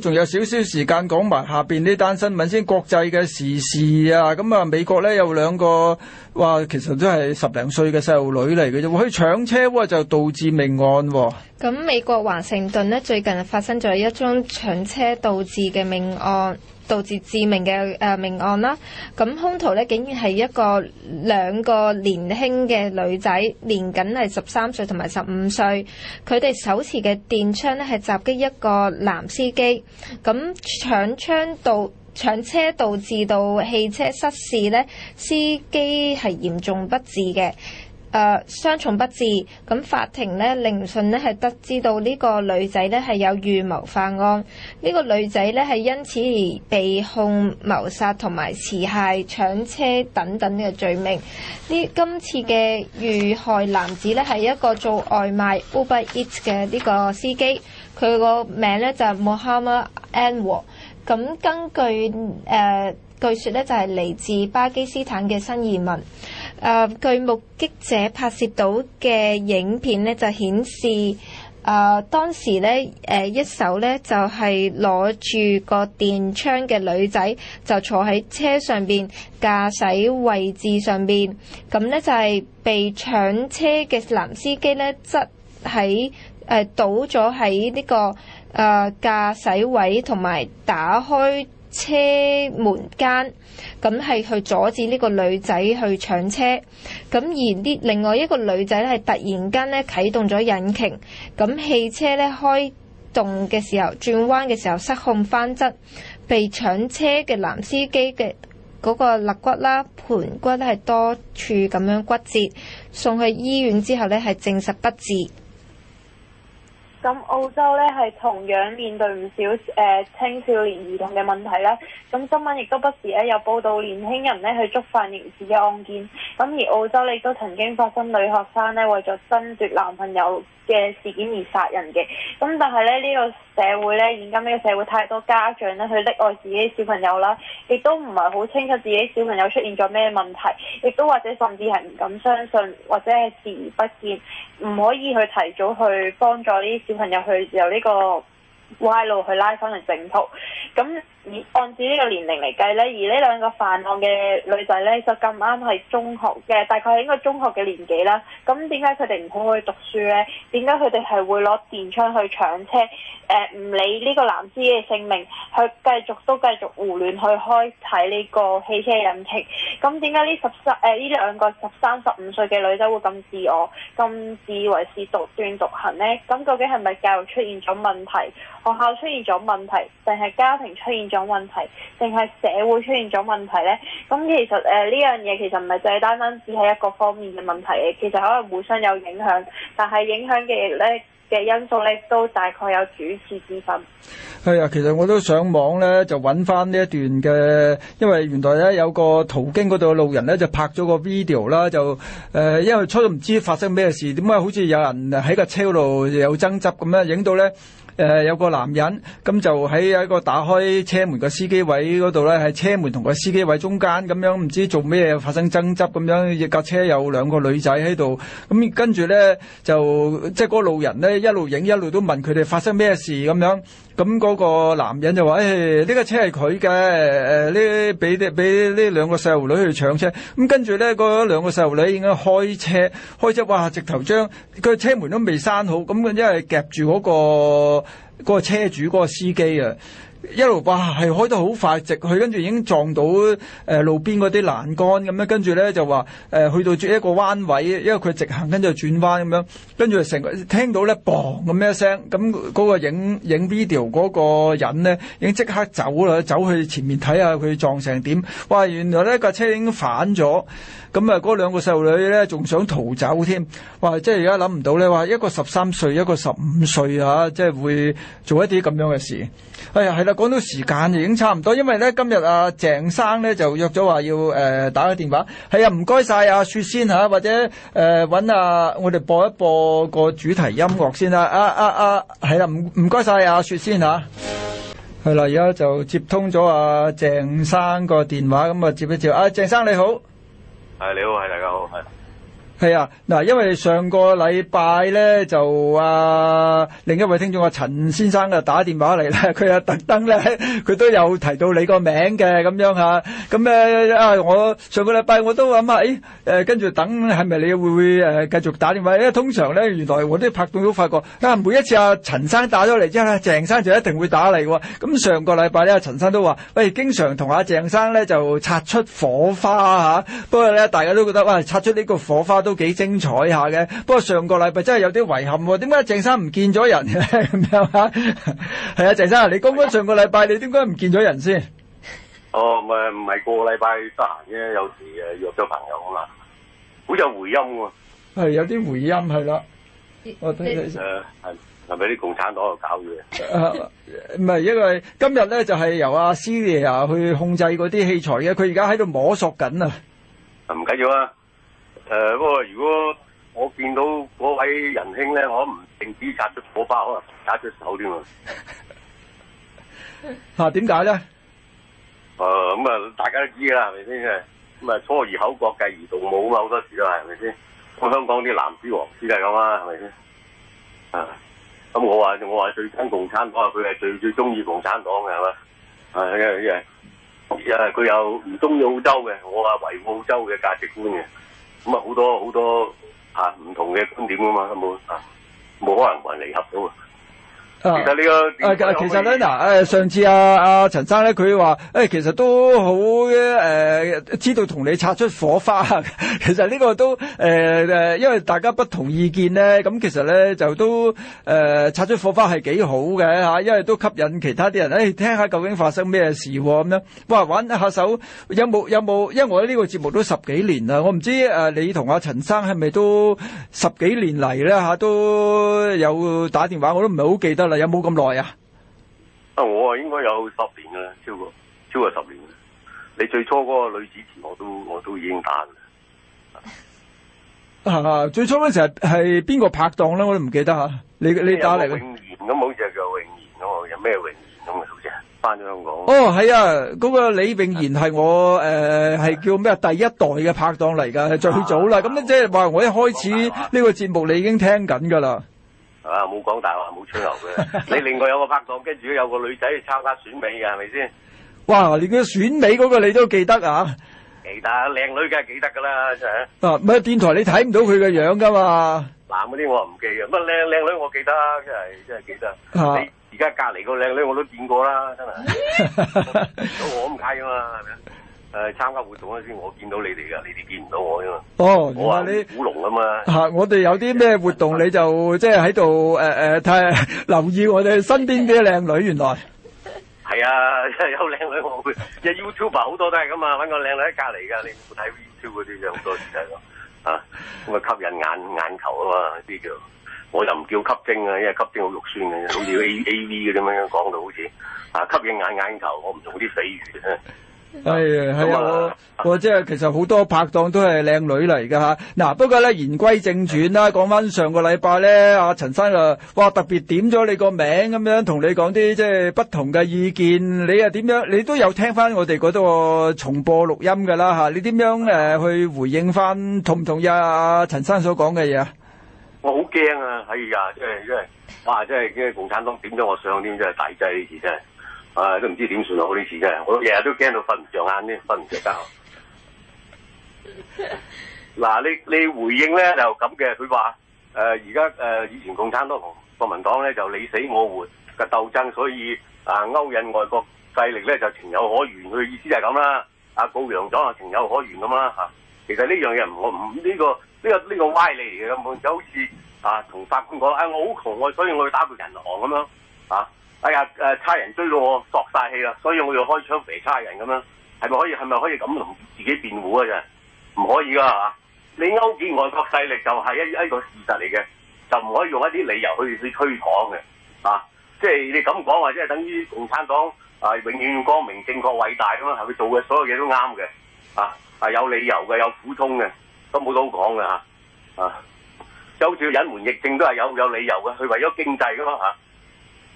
仲有少少時間講埋下邊呢單新聞先，國際嘅時事啊！咁、嗯、啊、嗯，美國咧有兩個話其實都係十零歲嘅細路女嚟嘅啫，佢搶車喎就導致命案喎、哦。咁、嗯、美國華盛頓呢，最近發生咗一宗搶車導致嘅命案。導致致命嘅誒命案啦！咁兇徒咧竟然係一個兩個年輕嘅女仔，年僅係十三歲同埋十五歲。佢哋手持嘅電槍咧，係襲擊一個男司機，咁搶槍導搶車導致到汽車失事呢，司機係嚴重不治嘅。誒傷、呃、重不治，咁法庭咧聆訊咧係得知到呢個女仔咧係有預謀犯案，呢、這個女仔咧係因此而被控謀殺同埋持械搶車等等嘅罪名。呢，今次嘅遇害男子咧係一個做外賣 Uber Eats 嘅呢個司機，佢個名咧就係、是、Muhammad、oh、Anwar。咁根據誒、呃、據說咧就係、是、嚟自巴基斯坦嘅新移民。誒據、uh, 目擊者拍攝到嘅影片咧，就顯示誒、uh, 當時咧，誒一手咧就係攞住個電槍嘅女仔，就坐喺車上邊駕駛位置上邊，咁咧就係、是、被搶車嘅男司機咧，側喺誒倒咗喺呢個誒、uh, 駕駛位同埋打開車門間咁係去阻止呢個女仔去搶車咁，而呢另外一個女仔咧係突然間咧啟動咗引擎咁，汽車咧開動嘅時候，轉彎嘅時候失控翻側，被搶車嘅男司機嘅嗰個肋骨啦、盆骨咧係多處咁樣骨折，送去醫院之後咧係證實不治。咁澳洲咧係同樣面對唔少誒、呃、青少年兒童嘅問題咧，咁新聞亦都不時咧有報道年輕人咧去觸犯刑事嘅案件，咁而澳洲咧亦都曾經發生女學生咧為咗爭奪男朋友嘅事件而殺人嘅，咁但係咧呢個社會呢，現今呢個社會太多家長呢去溺愛自己小朋友啦，亦都唔係好清楚自己小朋友出現咗咩問題，亦都或者甚至係唔敢相信，或者係視而不見，唔可以去提早去幫助呢啲小朋友去由呢個歪路去拉翻嚟正途，咁。以按照呢個年齡嚟計呢，而呢兩個犯案嘅女仔呢，就咁啱係中學嘅，大概係應該中學嘅年紀啦。咁點解佢哋唔好去讀書呢？點解佢哋係會攞電槍去搶車？誒、呃、唔理呢個男子嘅性命，去繼續都繼續胡亂去開睇呢個汽車引擎。咁點解呢十三誒呢兩個十三十五歲嘅女仔會咁自我、咁自以為是獨斷獨行呢？咁究竟係咪教育出現咗問題、學校出現咗問題，定係家庭出現咗問題？種問題定係社會出現咗問題咧？咁其實誒呢樣嘢其實唔係淨係單單只係一個方面嘅問題嘅，其實可能互相有影響，但係影響嘅咧嘅因素咧都大概有主次之分。係啊，其實我都上網咧就揾翻呢一段嘅，因為原來咧有個途經嗰度嘅路人咧就拍咗個 video 啦，就誒因為初都唔知發生咩事，點解好似有人喺個車度有爭執咁樣，影到咧。誒、呃，有個男人咁、嗯、就喺一個打開車門嘅司機位嗰度呢，喺車門同個司機位中間咁樣，唔知做咩發生爭執咁樣。一架車有兩個女仔喺度，咁、嗯、跟住呢，就即係嗰路人呢一路影，一路都問佢哋發生咩事咁樣。咁嗰個男人就話：誒，呢個車係佢嘅。誒，呢俾啲俾呢兩個細路女去搶車。咁跟住咧，嗰兩個細路女應該開車，開車哇，直頭將個車門都未閂好，咁佢一係夾住嗰個嗰個車主嗰個司機啊！一路哇，係開得好快，直去，跟住已經撞到誒、呃、路邊嗰啲欄杆咁咧，跟住咧就話誒、呃、去到一個彎位，因為佢直行跟住轉彎咁樣，跟住成個聽到咧 bang 咁咩聲，咁嗰個影影 video 嗰個人呢，已經即刻走啦，走去前面睇下佢撞成點。哇！原來呢架車已經反咗。咁啊！嗰、嗯、兩個細路女咧，仲想逃走添，哇！即係而家諗唔到咧，哇！一個十三歲，一個十五歲啊，即係會做一啲咁樣嘅事。哎呀，係啦，講到時間就已經差唔多，因為咧今日啊，鄭生咧就約咗話要誒、呃、打個電話。係啊，唔該晒阿雪先嚇、啊，或者誒揾阿我哋播一播個主題音樂先啦、啊。啊啊啊，係、啊、啦，唔唔該晒阿雪先嚇、啊。係啦，而家就接通咗阿、啊、鄭生個電話，咁啊接一接。啊，鄭生你好。係、啊、你好，係大家好，係。係啊，嗱，因為上個禮拜咧就啊，另一位聽眾阿陳先生啊打電話嚟咧，佢啊特登咧，佢都有提到你個名嘅咁樣吓，咁、啊、咧啊，我上個禮拜我都諗啊，誒、哎，誒跟住等係咪你會唔會誒、呃、繼續打電話？因為通常咧，原來我啲拍檔都發覺，啊每一次阿、啊、陳生打咗嚟之後咧、啊，鄭生就一定會打嚟嘅，咁、啊、上個禮拜咧阿陳生都話，喂，經常同阿、啊、鄭生咧就擦出火花吓，不過咧大家都覺得，哇、啊，擦出呢個火花。都幾精彩下嘅，不過上個禮拜真係有啲遺憾，點解鄭生唔見咗人咧？咁樣啊？係啊，鄭生，你剛剛上個禮拜你點解唔見咗人先？哦，唔係唔係個禮拜得閒啫，有時誒約咗朋友啊嘛，好有回音喎，係有啲回音係啦。我睇睇，誒係係咪啲共產黨度搞嘢？啊唔係，因為今日咧就係由阿師爺啊去控制嗰啲器材嘅，佢而家喺度摸索緊啊，唔緊要啊。誒，不過、呃、如果我見到嗰位仁兄咧，我唔停止擦出火花，可能打出手添 啊，吓，點解咧？誒，咁啊，大家都知噶啦，係咪先？咁啊，初則口角，繼而動武啊嘛，好多時都係，係咪先？咁香港啲藍絲黃絲就係咁啊，係咪先？啊，咁、嗯、我話我話最憎共產黨，佢係最最中意共產黨嘅，係嘛？係啊，係、嗯、啊，又係佢又唔中意澳洲嘅，我話維護澳洲嘅價值觀嘅。咁啊，好多好多吓唔同嘅觀點噶嘛，冇啊，冇可能話離合到啊！其實呢個誒、啊，其實咧嗱，誒、啊、上次阿阿陳生咧，佢話誒，其實都好誒、欸，知道同你擦出火花。 其實呢個都誒誒、欸，因為大家不同意見咧，咁其實咧就都誒擦、欸、出火花係幾好嘅吓、啊，因為都吸引其他啲人誒、欸，聽下究竟發生咩事咁、啊、樣。哇，玩下手有冇有冇？因為我喺呢個節目都十幾年啦，我唔知誒、啊、你同阿陳生係咪都十幾年嚟咧吓，都有打電話，我都唔係好記得。有冇咁耐啊？啊，我啊應該有十年嘅啦，超過超過十年嘅。你最初嗰個女主持我都我都已經打啦。啊，最初嗰時係邊個拍檔咧？我都唔記得吓。你你打嚟嘅，有有永賢咁好似係叫永賢有咩永賢咁啊？好似翻咗香港。哦，係啊，嗰、嗰個李永賢係我誒係、呃、叫咩？第一代嘅拍檔嚟噶，啊、最早啦。咁咧即係話我一開始呢個節目你已經聽緊噶啦。啊！冇講大話，冇吹牛嘅。 你另外有個拍檔，跟住有個女仔去參加選美㗎，係咪先？哇！連佢選美嗰個你都記得啊？記得，靚女梗係記得㗎啦，真係。啊，乜電台，你睇唔到佢嘅樣㗎嘛？男嗰啲我唔記得，乜靚靚女我記得，真係真係記得。 你而家隔離個靚女我都見過啦，真係 我唔介啊嘛，係咪？誒、呃，參加活動嗰陣先我見到你哋噶，你哋見唔到我噶、哦、嘛？哦、啊，我話你古龍啊嘛。吓，我哋有啲咩活動你就即係喺度誒誒，睇、呃呃、留意我哋身邊啲靚女。原來係啊，有靚女我會，即 YouTube 好多都係咁啊，搵個靚女喺隔籬噶。你冇睇 YouTube 嗰啲就好多時都係咯。啊，咁啊吸引眼眼球啊嘛，呢啲叫。我又唔叫吸精啊，因為吸，吸精好肉酸嘅，好似 A A V 咁樣講到好似啊，吸引眼眼球，我唔用啲死語嘅。啊 係唉、嗯、啊，係啊、嗯，我我即係其實好多拍檔都係靚女嚟噶吓。嗱、啊，不過咧言歸正傳啦，講翻上個禮拜咧，阿陳生啊，生哇特別點咗你個名咁樣，同你講啲即係不同嘅意見。你又點樣？你都有聽翻我哋嗰度重播錄音噶啦吓。你點樣誒、啊、去回應翻同唔同意阿、啊、陳、啊、生所講嘅嘢啊？我好驚啊！哎呀，即係因為，哇！即係即係共產黨點咗我上添，真係大劑呢次真係。啊！都唔知點算好，嗰啲事真係，我日日都驚到瞓唔上眼添，瞓唔着覺。嗱、 啊，你你回應咧就咁嘅，佢話誒而家誒以前共產黨同國民黨咧就你死我活嘅鬥爭，所以啊勾引外國勢力咧就情有可原，佢嘅意思就係咁啦。啊，告洋狀，啊情有可原咁啦嚇。其實呢樣嘢唔我唔呢個呢、這個呢、這個這個歪理嚟嘅，就好似啊同法官講，誒、啊、我好窮、啊，所以我去打個銀行咁樣啊。啊哎呀！誒差人追到我，索晒氣啦，所以我要開槍肥差人咁樣，係咪可以？係咪可以咁同自己辯護啊？就唔可以噶嚇、啊！你勾結外國勢力就係一一個事實嚟嘅，就唔可以用一啲理由去去推搪嘅啊！即係你咁講，或者係等於共產黨啊，永遠光明正確偉大咁樣，係、啊、佢做嘅所有嘢都啱嘅啊？係、啊、有理由嘅，有苦衷嘅，都冇得好講噶嚇啊！即、啊、好似隱瞞疫症都係有有理由嘅，佢為咗經濟噶嘛嚇。啊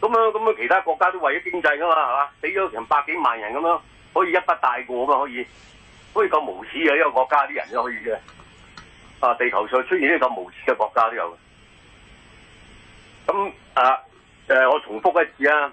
咁樣咁樣，樣其他國家都為咗經濟噶嘛，係嘛？死咗成百幾萬人咁樣，可以一筆帶過咁啊！可以，可以咁無恥嘅一個國家啲人都可以嘅。啊，地球上出現呢咁無恥嘅國家都有。咁啊，誒、呃，我重複一次啊，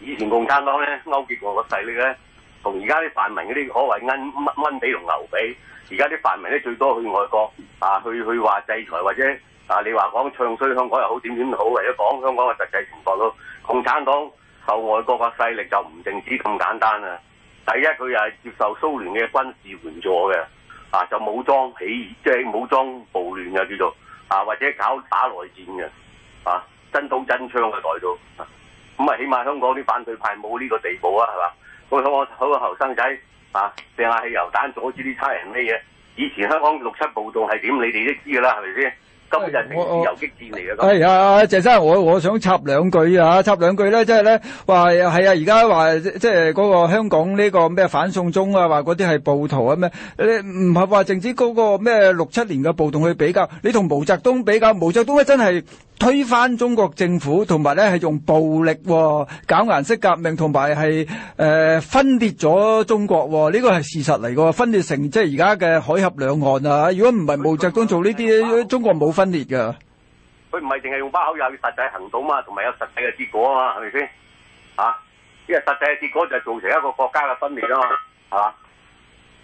以前共產黨咧勾結外國勢力咧，同而家啲泛民嗰啲所謂恩蚊髀同牛髀，而家啲泛民咧最多去外國啊，去去話制裁或者。啊！你話講唱衰香港又好，點點好，或者講香港嘅實際情況都共產黨受外國嘅勢力就唔淨止咁簡單啦、啊。第一，佢又係接受蘇聯嘅軍事援助嘅啊，就武裝起即係、就是、武裝暴亂嘅叫做啊，或者搞打內戰嘅啊，真刀真槍嘅內到。咁啊，起碼香港啲反對派冇呢個地步啊，係嘛？咁我好香港後生仔啊，掟下汽油彈阻止啲差人咩嘢，以前香港六七暴動係點？你哋都知㗎啦，係咪先？今戰我我係天啊，鄭生，我我想插兩句啊，插兩句咧，即係咧，話係啊，而家話即係嗰個香港呢個咩反送中啊，話嗰啲係暴徒啊咩，你唔係話淨止嗰個咩六七年嘅暴動去比較，你同毛澤東比較，毛澤東咧真係。推翻中國政府，同埋咧係用暴力搞顏色革命，同埋係誒分裂咗中國，呢個係事實嚟噶。分裂成即係而家嘅海峽兩岸啊！如果唔係毛澤東做呢啲，中國冇分裂噶。佢唔係淨係用把口，有實際行動啊嘛，同埋有實際嘅結果啊嘛，係咪先？吓，因為實際嘅結果就係造成一個國家嘅分裂啊嘛，係嘛？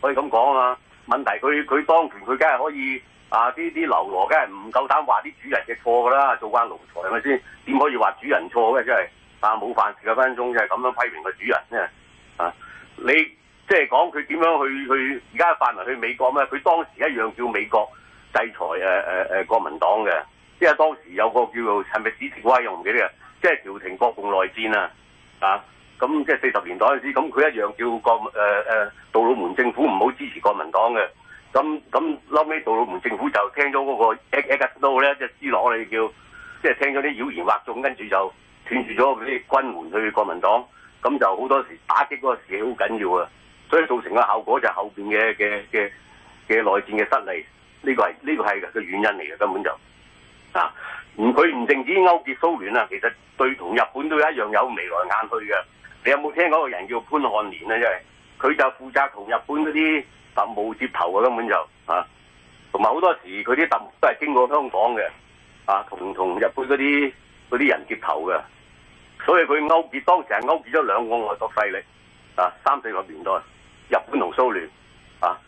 可以咁講啊嘛？問題佢佢當權，佢梗係可以。啊！呢啲嘍囉梗係唔夠膽話啲主人嘅錯㗎啦，做慣奴才咪先？點可以話主人錯嘅？真係啊！冇犯事嘅分分鐘就係咁樣批評個主人啫。啊！你即係、就是、講佢點樣去去而家發埋去美國咩？佢當時一樣叫美國制裁誒誒誒國民黨嘅，即係當時有個叫做係咪史迪威我唔記得，即係調停國共內戰啊！啊咁即係四十年代嗰陣時，咁佢一樣叫國誒誒杜魯門政府唔好支持國民黨嘅。咁咁後屘杜魯門政府就聽咗嗰、嗰個 X 阿多咧只私囊嚟叫，即係、即係即係、聽咗啲謠言惑眾，跟住就斷絕咗嗰啲軍援去國民黨，咁就好多時打擊嗰個事好緊要啊，所以造成嘅效果就係後邊嘅嘅嘅嘅內戰嘅失利，呢、呢個係呢、呢個係嘅原因嚟嘅根本就啊，唔佢唔淨止勾結蘇聯啊，其實對同日本都一樣有眉來眼去嘅。你有冇聽過個人叫潘漢年咧？因為佢就負責同日本嗰啲。冇、啊、接頭嘅根本就嚇，同埋好多時佢啲特務都係經過香港嘅，啊同同日本嗰啲啲人接頭嘅，所以佢勾結當時係勾結咗兩個外國勢力，啊三四十年代，日本同蘇聯，啊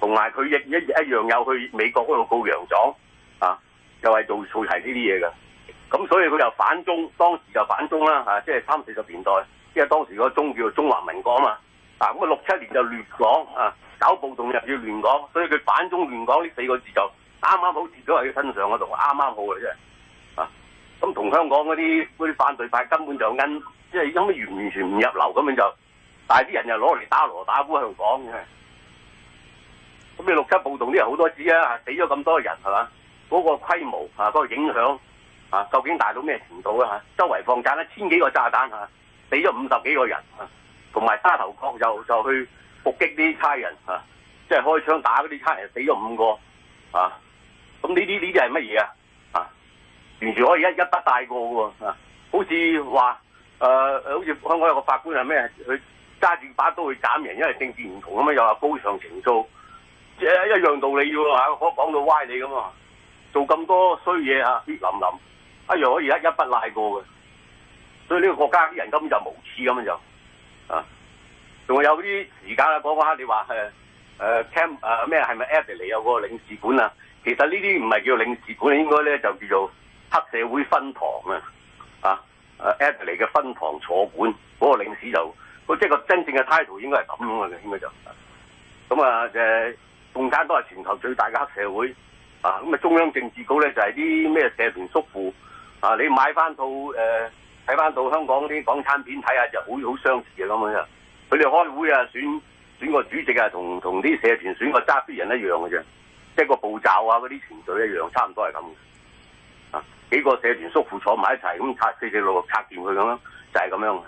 同埋佢亦一一樣有去美國嗰度告洋狀，啊又係做做齊呢啲嘢嘅，咁、啊、所以佢就反中，當時就反中啦嚇、啊，即係三四十年代，因為當時嗰個中叫做中華民國啊嘛。嗱，咁啊六七年就亂港啊，搞暴動又要亂港，所以佢反中亂港呢四個字就啱啱好跌咗喺佢身上嘅度，啱啱好嘅啫。啊，咁同香港嗰啲嗰啲反對派根本就恩，即係因為完完全唔入流咁樣就，但係啲人又攞嚟打鑼打鼓去講嘅。咁、啊、你六七暴動啲人好多次啊，死咗咁多人係嘛？嗰、嗰個規模啊，嗰、嗰個影響啊，究竟大到咩程度啊？周圍放炸一千幾個炸彈嚇、啊，死咗五十幾個人啊！同埋沙頭角又就去伏擊啲差人啊，即係開槍打嗰啲差人死咗五個啊，咁呢啲呢啲係乜嘢啊？啊，完全可以一一筆帶過嘅喎啊，啊，好似話誒，好似香港有個法官係咩，佢揸住把刀去斬人，因為政治唔同啊嘛，又話高尚情操。即係一樣道理要啊，可講到歪理咁啊，做咁多衰嘢啊，必諗諗，一樣可以一一筆賴過嘅，所以呢個國家啲人根本就無恥咁樣就。啊，仲有啲時間啊，講、那、翻、個、你話誒誒，Cam 誒咩係咪 Adelaide 有個領事館啊？其實呢啲唔係叫領事館，應該咧就叫做黑社會分堂啊！啊，誒 Adelaide 嘅分堂坐館，嗰、那個領事就，即係個真正嘅 title 應該係咁樣嘅、啊，應該就，咁啊誒，共產黨都係全球最大嘅黑社會啊！咁啊中央政治局咧就係啲咩社團叔父啊，你買翻套誒。啊睇翻到香港啲港產片，睇下就好好相似嘅。咁啊，佢哋開會啊，選選個主席啊，同同啲社團選個揸啲人一樣嘅啫，即係個步驟啊，嗰啲程序一樣，差唔多係咁啊。幾個社團叔父坐埋一齊，咁拆四四六六拆掂佢咁咯，就係咁樣。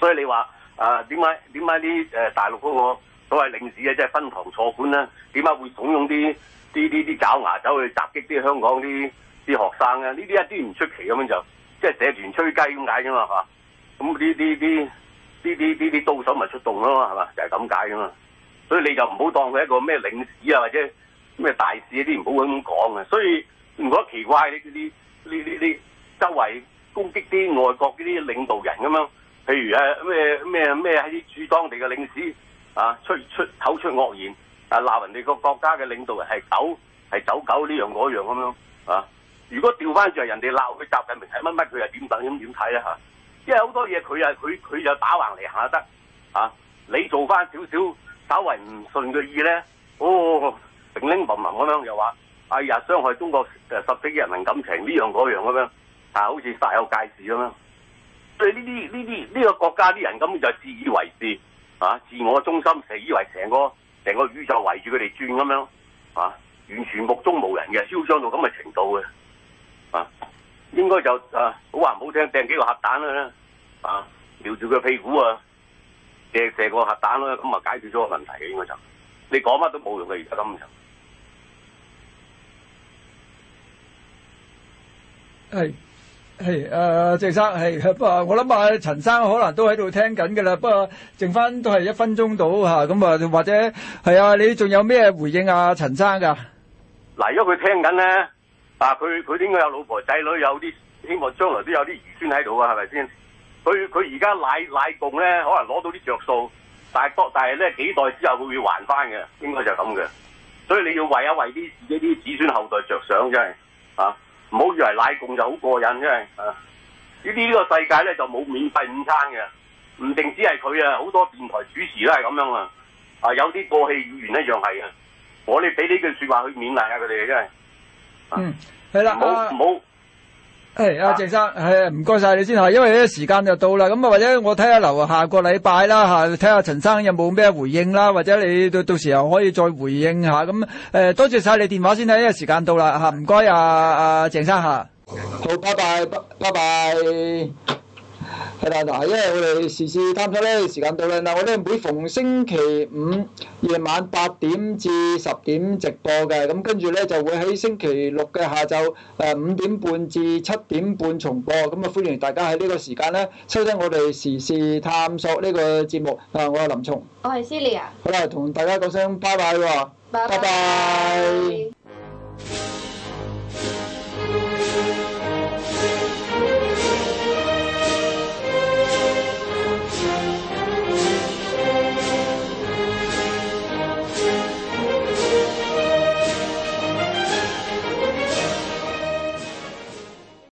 所以你話啊，點解點解啲誒大陸嗰個所謂領事啊，即係分堂坐館咧，點解會慫恿啲啲啲啲爪牙走去襲擊啲香港啲啲學生咧？呢啲一啲唔出奇咁樣就。即係社團吹雞咁解啫嘛嚇，咁呢啲啲呢啲啲刀手咪出動咯係嘛，就係咁解噶嘛，所以你就唔好當佢一個咩領事啊或者咩大事嗰啲唔好咁講啊。所以我覺得奇怪你啲呢呢呢周圍攻擊啲外國啲領導人咁樣，譬如誒咩咩咩喺啲主當地嘅領事啊出出口出惡言啊鬧人哋個國家嘅領導人係狗係走狗呢樣嗰樣咁樣啊。 如果調翻轉人哋鬧佢，習近平睇乜乜，佢又點等咁點睇咧嚇？因為好多嘢佢又佢佢又打橫嚟下得嚇。你做翻少少，稍為唔順嘅意咧，哦，零零文文咁樣又話哎呀傷害中國誒十幾億人民感情呢樣嗰樣咁、啊、樣嚇，好似煞有介事咁樣。所以呢啲呢啲呢個國家啲人咁就自以為是嚇、啊，自我中心，自以為成個成個宇宙圍住佢哋轉咁樣嚇，完全目中無人嘅，囂張到咁嘅程度嘅。啊，應該就啊，好話唔好聽，掟幾個核彈啦、啊，啊，瞄住佢屁股啊，射射個核彈啦。咁啊，解決咗個問題嘅、啊、應該就，你講乜都冇用嘅而家咁就。係，係，誒、呃，鄭生係，不過我諗阿陳生可能都喺度聽緊㗎啦，不過剩返都係一分鐘到吓，咁啊，或者係啊，你仲有咩回應啊，陳生噶？嚟咗佢聽緊咧。啊！佢佢應該有老婆仔女有，有啲希望將來都有啲兒孫喺度啊，係咪先？佢佢而家奶奶共咧，可能攞到啲着數，但係多，但係咧幾代之後會唔會還翻嘅，應該就係咁嘅。所以你要為一為啲自己啲子孫後代着想，真係啊！唔好以為奶共就好過癮，真係啊！呢啲呢個世界咧就冇免費午餐嘅，唔定只係佢啊，好多電台主持都係咁樣啊！啊，有啲過氣演員一樣係啊！我哋俾呢句說話去勉勵下佢哋，真係。嗯，係啦，唔好別，係阿鄭生，係唔該晒你先吓，因為呢個時間就到啦，咁啊或者我睇下留下個禮拜啦吓，睇下陳生有冇咩回應啦，或者你到到時候可以再回應下，咁、啊、誒、呃、多謝晒你電話、這個啊啊啊、先啦，因為時間到啦吓，唔該阿阿鄭生吓，好，拜拜，拜拜。係啦，嗱，因為我哋時事探索呢時間到喇，嗱，我哋每逢星期五夜晚八點至十點直播嘅，咁跟住咧就會喺星期六嘅下晝誒五點半至七點半重播，咁啊歡迎大家喺呢個時間咧收聽我哋時事探索呢個節目，啊，我係林松，我係 Celia，好啦，同大家講聲拜拜喎，拜拜。